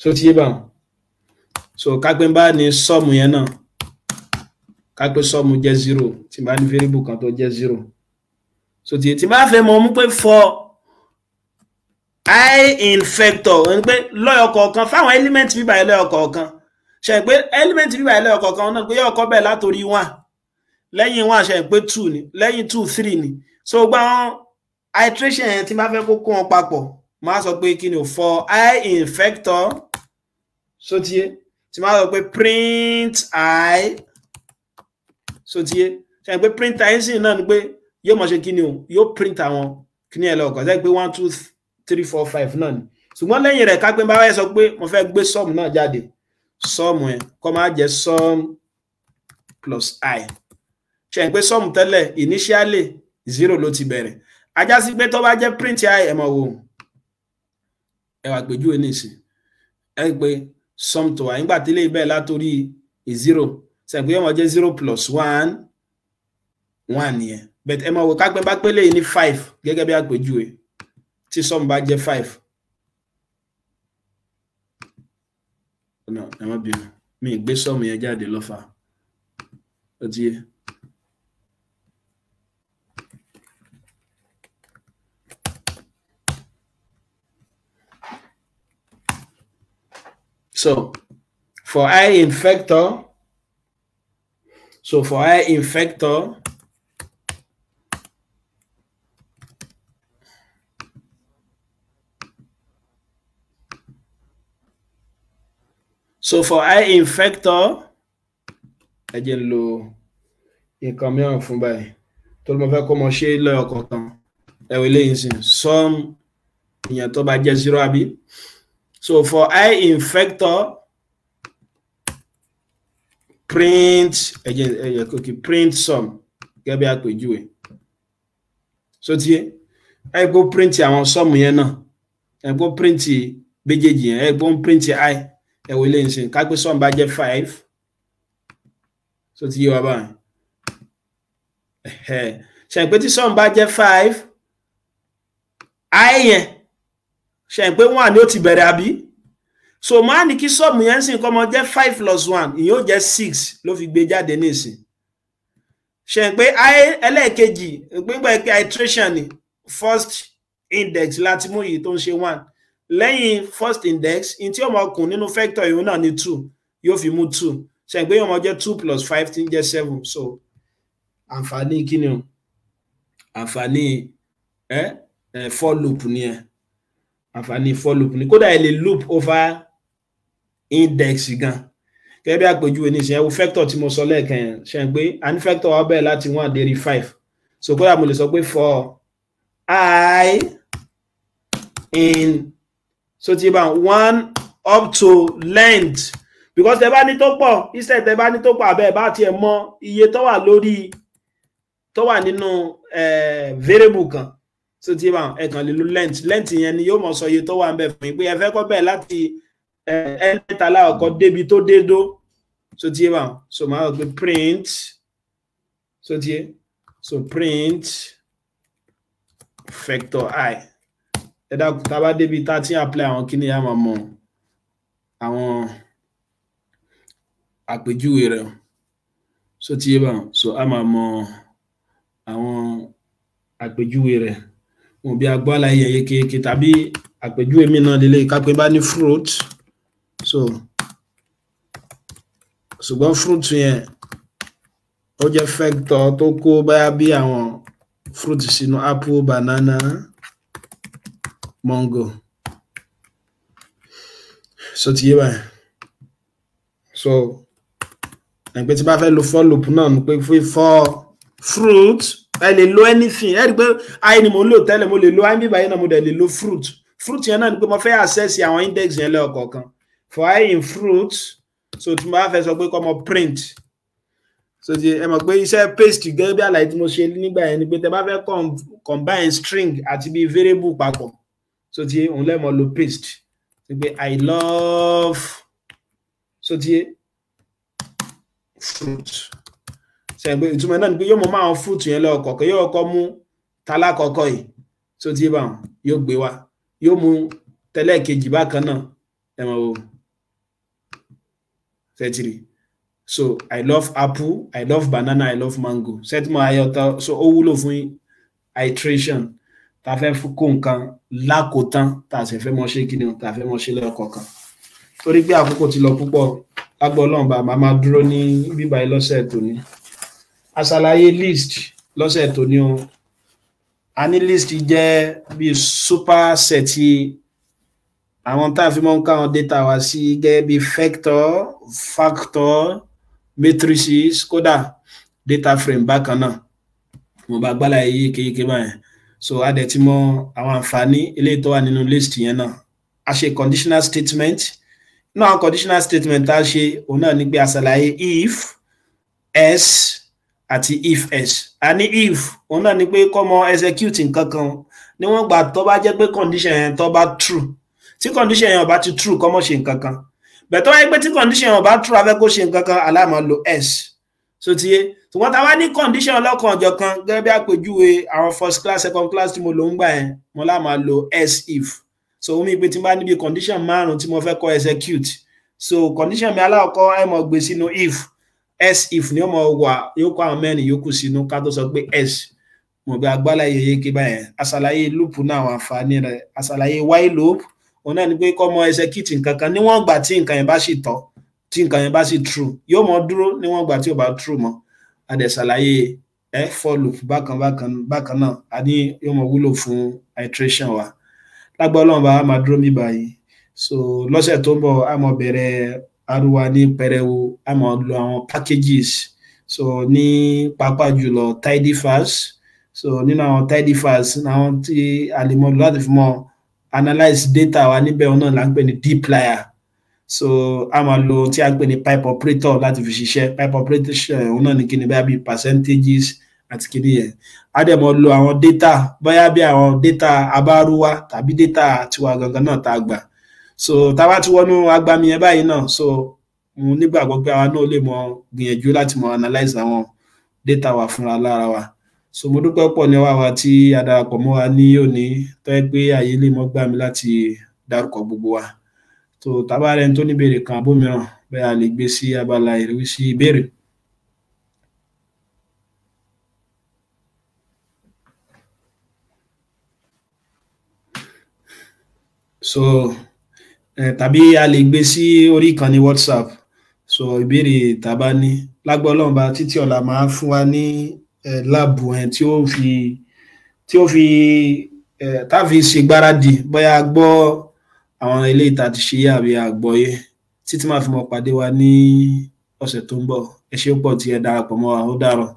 so ti yé báwọn so kápẹ́ bá ní sọ́ọ̀mù yẹn náà kápẹ́ sọ́ọ̀mù jẹ́ zero tí bá ní variable kan tó jẹ́ zero so ti yé tí bá fẹ́ mọ mú pé for i in factor ẹni pé lọ́yọ̀ kọ̀ọ̀kan fáwọn element bíbá ẹ lọ́yọ̀ kọ̀ọ̀kan ṣe pé element bíbá ẹ lọ́yọ̀ kọ̀ọ̀kan náà pé yọ̀ ọkọ bẹ̀ látòrí one lẹ́yìn one ṣe pé two ni lẹ́yìn two three ni so gbọ́n iteration yẹn tí n bá fẹ́ kó kó wọn papọ̀ máa sọ pé kí ni o for i infector sotie tí máa sọ pé print i sotie sẹ́yìn pé print i sì náà ni pé yóò máa ṣe kí ni o yóò print àwọn kí ni ẹ lọ kọ pé one two three four five náà ni ṣùgbọ́n lẹ́yìn rẹ̀ ká pé bá wáyé sọ pé mo fẹ́ gbé sum náà jáde sum yẹn kó máa jẹ́ sum plus i sẹ́yìn pé sum tẹ́lẹ̀ initially zero ló ti bẹ̀rẹ̀ ajá sí pé tó bá jẹ́ print ẹ mọ̀ wò ẹ wà gbèjúwe nìsín ẹ ń pe sum to wa nígbà tí ilé ibẹ̀ látòrí zero sẹ̀gbé ọmọ jẹ́ zero plus one one nìyẹn but ẹ mọ̀ wò kápẹ́ bá pélé ní five gẹ́gẹ́ bí àpèjúwe tí sum bá jẹ́ five. ọ̀nà ẹ̀ má bínú mi ì gbé sum yẹn jáde lọ́fà ó ti yẹ. So for I in vector, so for I in vector, so for I in vector, ẹ jẹ́ n lo nǹkan mìíràn fún báyìí tó ló mọ fẹ́ kó mọ ṣe lọ́yọ̀ kọ̀ọ̀kan ẹ̀wẹ̀ lẹ́yìn sìn sum ìyẹn tó bá jẹ́ zero àbí. So for I infector, print again, again okay, print sum. Gẹ́gẹ́ bí àpèjúwe. So ti ẹ gbọ́ print àwọn sum yẹn náà. Ẹ gbọ́ print méjèèjì yẹn. I go print I. I will listen. Can Ká some budget five. So ti yé wa báyìí. Ṣé pé tí sum bá five? I yẹn ṣe ń pé wọn àní ó ti bẹ̀rẹ̀ àbí so máa ní kí sọ́ọ̀mù yẹn sì kọ́ ọmọ jẹ́ five plus one ìyẹn ó jẹ́ six ló fi gbé jáde nísìn ṣe ń pé ẹlẹ́ẹ̀kejì gbígbà pé iteration ni first index láti mú yìí tó ń ṣe one lẹ́yìn first index in tí ọmọ ọkùn nínú factor ìhun náà ni two yóò fi mú two ṣe ń pé ọmọ jẹ́ two plus five tí ń jẹ́ seven so àǹfààní kí ni o àǹfààní ẹ ẹ for loop ni ẹ àǹfààní for loop ni kódà ẹ lè loop over index gan gẹ́gẹ́ bí àpèjúwe ní ìṣẹ́wó factor tí mo sọ lẹ́ẹ̀kan yẹn ṣe pé a factor wa bẹ̀rẹ̀ láti one dé five so kódà mo lè sọ pé for i in so ti bá one up to length because tẹ bá ní tó pọ̀ instead tẹ bá ní tó pọ̀ abẹ́ ẹ bá tiẹ̀ mọ iye tó wà lórí tó wà nínú eh, variable kan tó ti bá ẹ kàn lent lent yẹn ni yóò mọ sọ iye tó wà ń bẹ fún yín pé ẹ fẹ́ kọ́ láti ẹ mẹ́ta láàkọ́ débi tó dé tó ti bá so máa rò pé print tó ti so print vector i ẹ dákun tá a bá débi tá a ti apply àwọn kíní yà máa mọ àwọn àpèjúwe rẹ so ti yé bá so a máa mọ àwọn àpèjúwe rẹ òbí agbọ́ àlàyé ẹ̀yẹ kéèké tàbí àpèjúwe mi náà lélẹ̀ kápẹ́ bá ní fruit so ṣùgbọ́n fruit yẹn ó jẹ́ factor tó kó báyà bí àwọn fruit sínú apple banana mango so ti yé báyìí so ẹgbẹ́ tí bá fẹ́ lo for náà ni pé fún for fruit ẹ lè lo anything ẹ rí i pé i ni mo ń lò tẹ́lẹ̀ mo lè lo i bíbá yẹn náà mo dẹ̀ lè lo fruit fruit yẹn náà ni pé mo fẹ́ access àwọn index yẹn lẹ́ọ̀kọ̀ọ̀kan for i in fruit so tí mo bá fẹ́ sọ pé kọ́ mo print so ti ẹ mọ̀ pé iṣẹ́ paste gẹ́gẹ́ bí àlàyé tí mo ṣe nígbà yẹn ni pé tẹ bá fẹ́ combine string àti bí variable papọ̀ so ti òun lẹ́mọ̀ lo paste ti pé i love so ti fruit ṣẹ̀gbẹ́ ìtumọ̀ náà ni pé yóò mọ máa fúrùtù yẹn lọ́kọ̀ọ̀kan yóò kọ́ mú talákọ̀ọ́kọ́ yìí tó ti bá wọn yóò gbé wa yóò mú tẹ́lẹ̀ kejì bákan náà ẹ̀wọ̀n o ṣẹ́tìrì so i love apple i love banana i love mango ṣẹ́tìmọ̀ ayọ̀tọ̀ so ó wúlò fún hydration. ta fẹ́ kó nǹkan lákòótán ta sì fẹ́ mọ ṣe kí ni ta fẹ́ mọ ṣe lọ́kọ̀ọ̀kan torí pé àkókò ti lọ púpọ̀ lágbọ́ ọlọ́run bá máa dúró ní bíbá ilọ́sẹ̀ tòní aṣàlàyé list lọ́sẹ̀ tó ní o a ní list jẹ́ bí superset àwọn tá a fi máa ń káwọn data wá sí gẹ́gẹ́ bí factor factor matrices kódà data frame bákan náà mo bá gbálà yìí yékéyéké báyẹn so a dẹ̀ ti mọ àwọn àǹfààní eléyìí tó wà nínú list yẹn náà a ṣe conditional statement náà conditional statement tá a ṣe òun náà ní pé a ṣàlàyé if s àti if s, a ní if òun náà ni pé kọ́mọ execute nǹkan kan níwọ̀n gbà tó bá jẹ́ pé condition yẹn tó bá true tí condition yẹn ò ti true kọ́mọ ṣe nǹkan kan wáyé pé tí condition yẹn ò true afẹ́ kó ṣe nǹkan kan lo s. so ti yé ṣùgbọ́n tá wá ní condition ọlọ́kan ọ̀jọ̀ kan gẹ́gẹ́ bí àpèjúwe àwọn first class second class tí mo lò ń gbà yẹn mo lá lo else if so omi pé tí n bá níbi condition márùn-ún tí mo fẹ́ kọ́ execute so condition mi aláwọ̀ kọ́ ẹ̀ mọ̀ gbé sínú if s if ni ọmọ wà yóò kó àwọn mẹ́rin yòókù sínú ká tó sọ pé s mo bí agbálá yeye ké báyẹn asàlàyé lúùpù náà àwọn àǹfààní rẹ asàlàyé wáyé lóòpù òun náà ni pé kọ́ mọ execute nǹkan kan níwọ̀n gbà tí nǹkan yẹn bá sì tọ́ tí nǹkan yẹn bá sì true yóò mọ dúró níwọ̀n gbà tí ò bá true mọ́ adẹ̀sàlàyé ẹ for loop bákan bákan bákan náà a ní yóò mọ wúlò fún iteration wa lágbọ́ ọlọ́run bá a máa dúró mí báyìí so lọ́sẹ̀ tó ń bọ̀ a mọ̀ bẹ̀rẹ̀ ariwa ní pẹrẹwu a máa lo àwọn packages so ní pàápàá jùlọ tidyverse so nínú àwọn tidyverse àwọn tí a lè mọ láti fi mọ analyze data wa níbẹ̀ náà là ń pè ní dplyr so a máa lo tí a ń pè ní pipe operator láti fi ṣiṣẹ́ pipe operator eh, òun náà ní kíni bá bí percentages àti kíni yẹn a dẹ̀ mọ lo àwọn data bóyá bí àwọn data abáruwa tàbí data tiwa gangan náà tá a gbà so táwa ti wọnú agbami yẹn báyìí náà so mo nígbàgbọ́ pé àwa náà lè mọ gbìyànjú láti mọ analyse àwọn data wa fúnra lára wa so mo dúpẹ́ pọ̀ ní wàá wa tí a darapọ̀ mọ́ wa ní òní tó yẹ pé àyè lè mọ́ gbà mí láti dárúkọ gbogbo wa so tábà rẹ̀ tó ní ìbéèrè kan abómìíràn bẹ́ẹ̀ a lè gbé sí abala ìrísí ìbéèrè. so Eh, tàbí a lè gbé sí orí ìkànnì whatsapp so ìbéèrè tàbá ní lágbọ́ ọlọ́run bá títí ọ̀la máa fún wa ní eh, láàbù yẹn eh, tí ó fi tí ó fi táfi ṣègbáradì bóyá a gbọ́ àwọn ilé ìta ti ṣe àbí àgbọ́yé títí máa fi mọ̀ pàdé wa ní ọ̀sẹ̀ tó ń bọ̀ ẹ ṣé pọ̀ tí ẹ darapọ̀ mọ́ wa ó dàárọ̀.